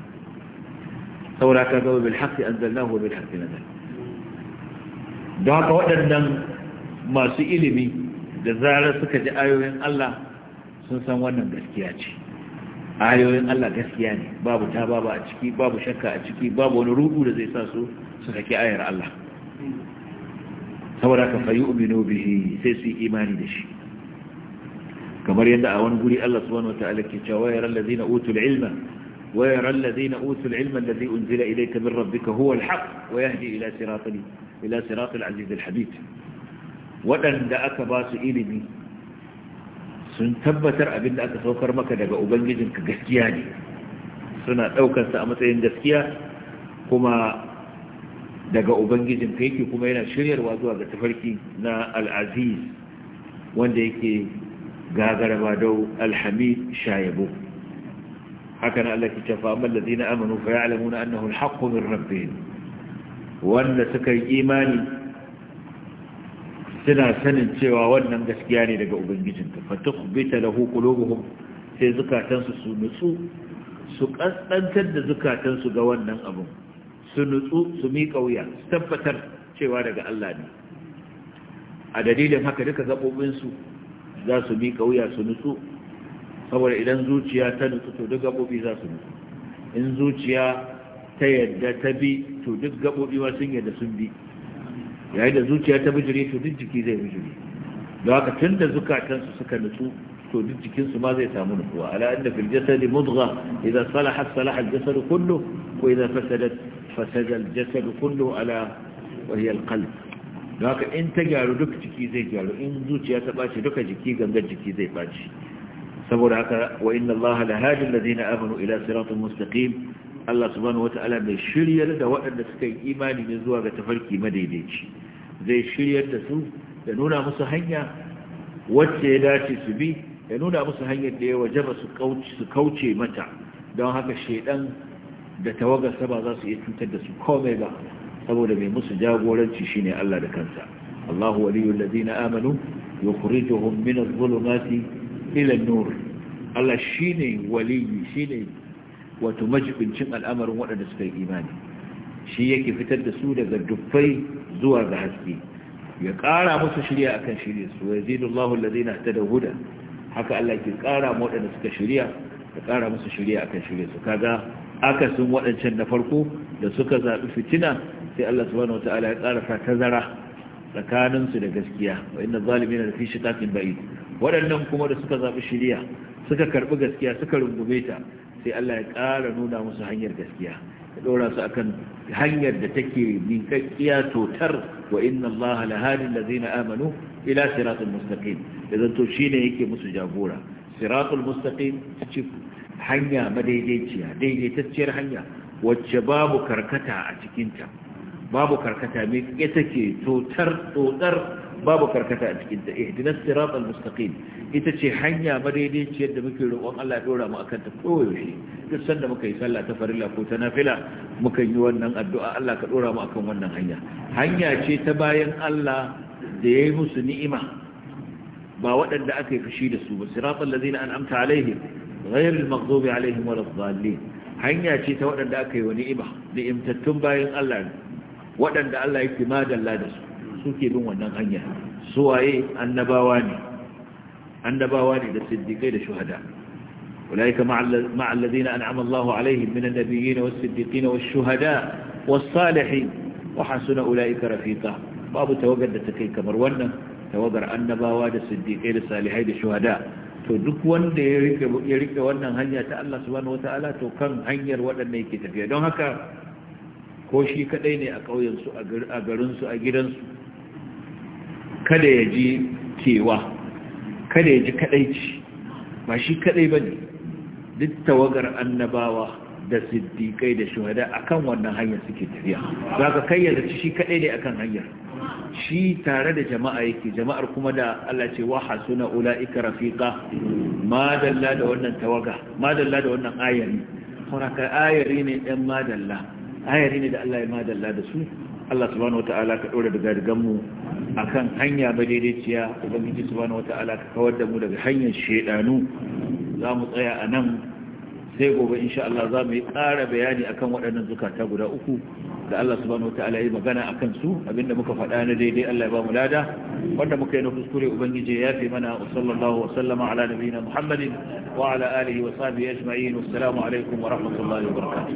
saboda ka ga bil haqqi anzalnahu bil haqqi nazal da ka waɗannan masu ilimi da zarar suka ji ayoyin Allah sun san wannan gaskiya ce ayoyin Allah gaskiya ne babu ta babu a ciki babu shakka a ciki babu wani rubu da zai sa su su saki ayar Allah saboda ka fayu uminu bihi sai su yi imani da shi kamar yadda a wani guri Allah subhanahu wataala ke cewa ya ran ladina utul ilma wa ya ran ladina utul ilma alladhi unzila ilayka min rabbika huwa alhaq wa yahdi ila siratil ila siratil aziz alhabib wadanda aka ba su ilimi sun tabbatar abin da aka saukar maka daga ubangijinka gaskiya ne suna ɗaukarsa a matsayin gaskiya kuma daga ubangijinka yake kuma yana shiryarwa zuwa ga tafarki na al'aziz wanda yake gagarama ba dau alhamid shayabo haka na Allah ke cewa amma amanu fa ya annahu annahun min rabbihim wanda suka yi imani suna sanin cewa wannan gaskiya ne daga ubangijinka fatukhbita lahu qulubuhum sai zukatansu su nutsu su kaskantar da zukatansu ga wannan abin, su nutsu su miƙa wuya su tabbatar cewa daga Allah ne a dalilin haka duka gaɓoɓinsu za su mi wuya su nutsu saboda idan zuciya ta nutsu to duk gaɓoɓi za su nutsu in zuciya ta yadda ta bi to duk gaɓoɓi ma sun yadda sun bi yayin da zuciya ta bijire to duk jiki zai bijire da haka tun da zukatansu suka nutsu to duk jikin su ma zai samu nutsuwa ala inda fil jasadi mudgha idza salaha salaha al jasadu kullu wa idza fasadat fasada al jasadu kullu ala wa hiya al qalb don haka in ta gyaru duk jiki zai gyaru in zuciya ta baci duka jiki gangar jiki zai baci saboda haka wa inna allaha la hadi alladhina amanu ila siratin mustaqim Allah subhanahu ta'ala mai shiryar da waɗanda suka yi imani ne zuwa ga tafarki madaidaici zai shiryar da su da nuna musu hanya wacce ya dace su bi ya nuna musu hanyar da ya ba su kauce mata don haka shaidan da tawagarsa ba za su iya cutar da su komai ba saboda mai musu jagoranci shine Allah da kansa Allahu waliyul na amanu yukhrijuhum min adh-dhulumati ila an-nur Allah shine waliyi shine wato majibincin al'amarin waɗanda suka yi imani shi yake fitar da su daga dubbai zuwa ga haske ya ƙara musu shirya akan shirya su ya zidu ta da huda haka Allah ke ƙara waɗanda suka shirya ya ƙara musu shirya akan shirya su kaga akasin waɗancan na farko da suka zaɓi fitina sai Allah subhanahu wataala ya ƙara sa tazara tsakanin su da gaskiya wa inna zalimin da fi shiqaqin ba'id waɗannan kuma da suka zaɓi shirya suka karɓi gaskiya suka rungume ta sai Allah ya ƙara nuna musu hanyar gaskiya ya ɗora su akan hanyar da take miƙaƙƙiya totar wa inna Allah la hadin amanu ila siratul mustaqim da zanto shine yake musu jagora siratul mustaqim ce hanya madaidaiciya daidaitacciyar hanya wacce babu karkata a cikinta babu karkata me take totar totar babu karkata a cikinta ihdinas siratal mustaqim ita ce hanya madaidaiciyar da muke roƙon Allah ya dora mu akan ta koyaushe duk sanda muka yi sallah ta farilla ko ta nafila muka yi wannan addu'a Allah ka dora mu akan wannan hanya hanya ce ta bayan Allah da yayi musu ni'ima ba waɗanda aka yi fushi da su ba siratal ladzina an'amta alaihim ghayril maghdubi alaihim waladdallin hanya ce ta waɗanda aka yi wa ni'ima ni'imtattun bayan Allah waɗanda Allah ya madalla da su suke bin wannan hanya su annabawa ne annabawa ne da siddiƙai da shuhada ulaika ma'a allazina an'ama Allahu alaihim min wa siddiqin wa shuhada wa salihin wa hasuna ulaika rafika babu tawagar da take kamar wannan tawagar annabawa da siddiqai da salihai da shuhada to duk wanda ya rika wannan hanya ta Allah subhanahu wataala to kan hanyar waɗannan yake tafiya don haka ko shi kadai ne a ƙauyensu a garinsu a gidansu kada ya ji kewa kada ya ji kadaici ba shi kadai ba ne duk tawagar annabawa da siddiƙai da shuhada akan wannan hanyar suke tafiya za ka kayyada shi kadai ne akan hanyar shi tare da jama'a yake jama'ar kuma da Allah ce wa hasuna ula'ika rafiqa madalla da wannan tawaga madalla da wannan ayari kuma ka ayari ne ɗan madalla ayari ne da Allah ya madalla da su Allah subhanahu wata'ala ka ɗora daga riganmu a kan hanya madaidaiciya ubangiji subhanahu wata'ala ka kawar da mu daga hanyar shaidanu za mu tsaya a nan sai gobe insha Allah za mu yi ƙara bayani akan waɗannan zukata guda uku da Allah subhanahu wata'ala yi magana a kansu abinda muka faɗa na daidai Allah ya ba mu lada wanda muka yi na kuskure ubangiji ya fi mana wa sallallahu wa sallama ala nabiyina Muhammadin wa ala alihi wa sahbihi ajma'in alaikum wa rahmatullahi wa barakatuh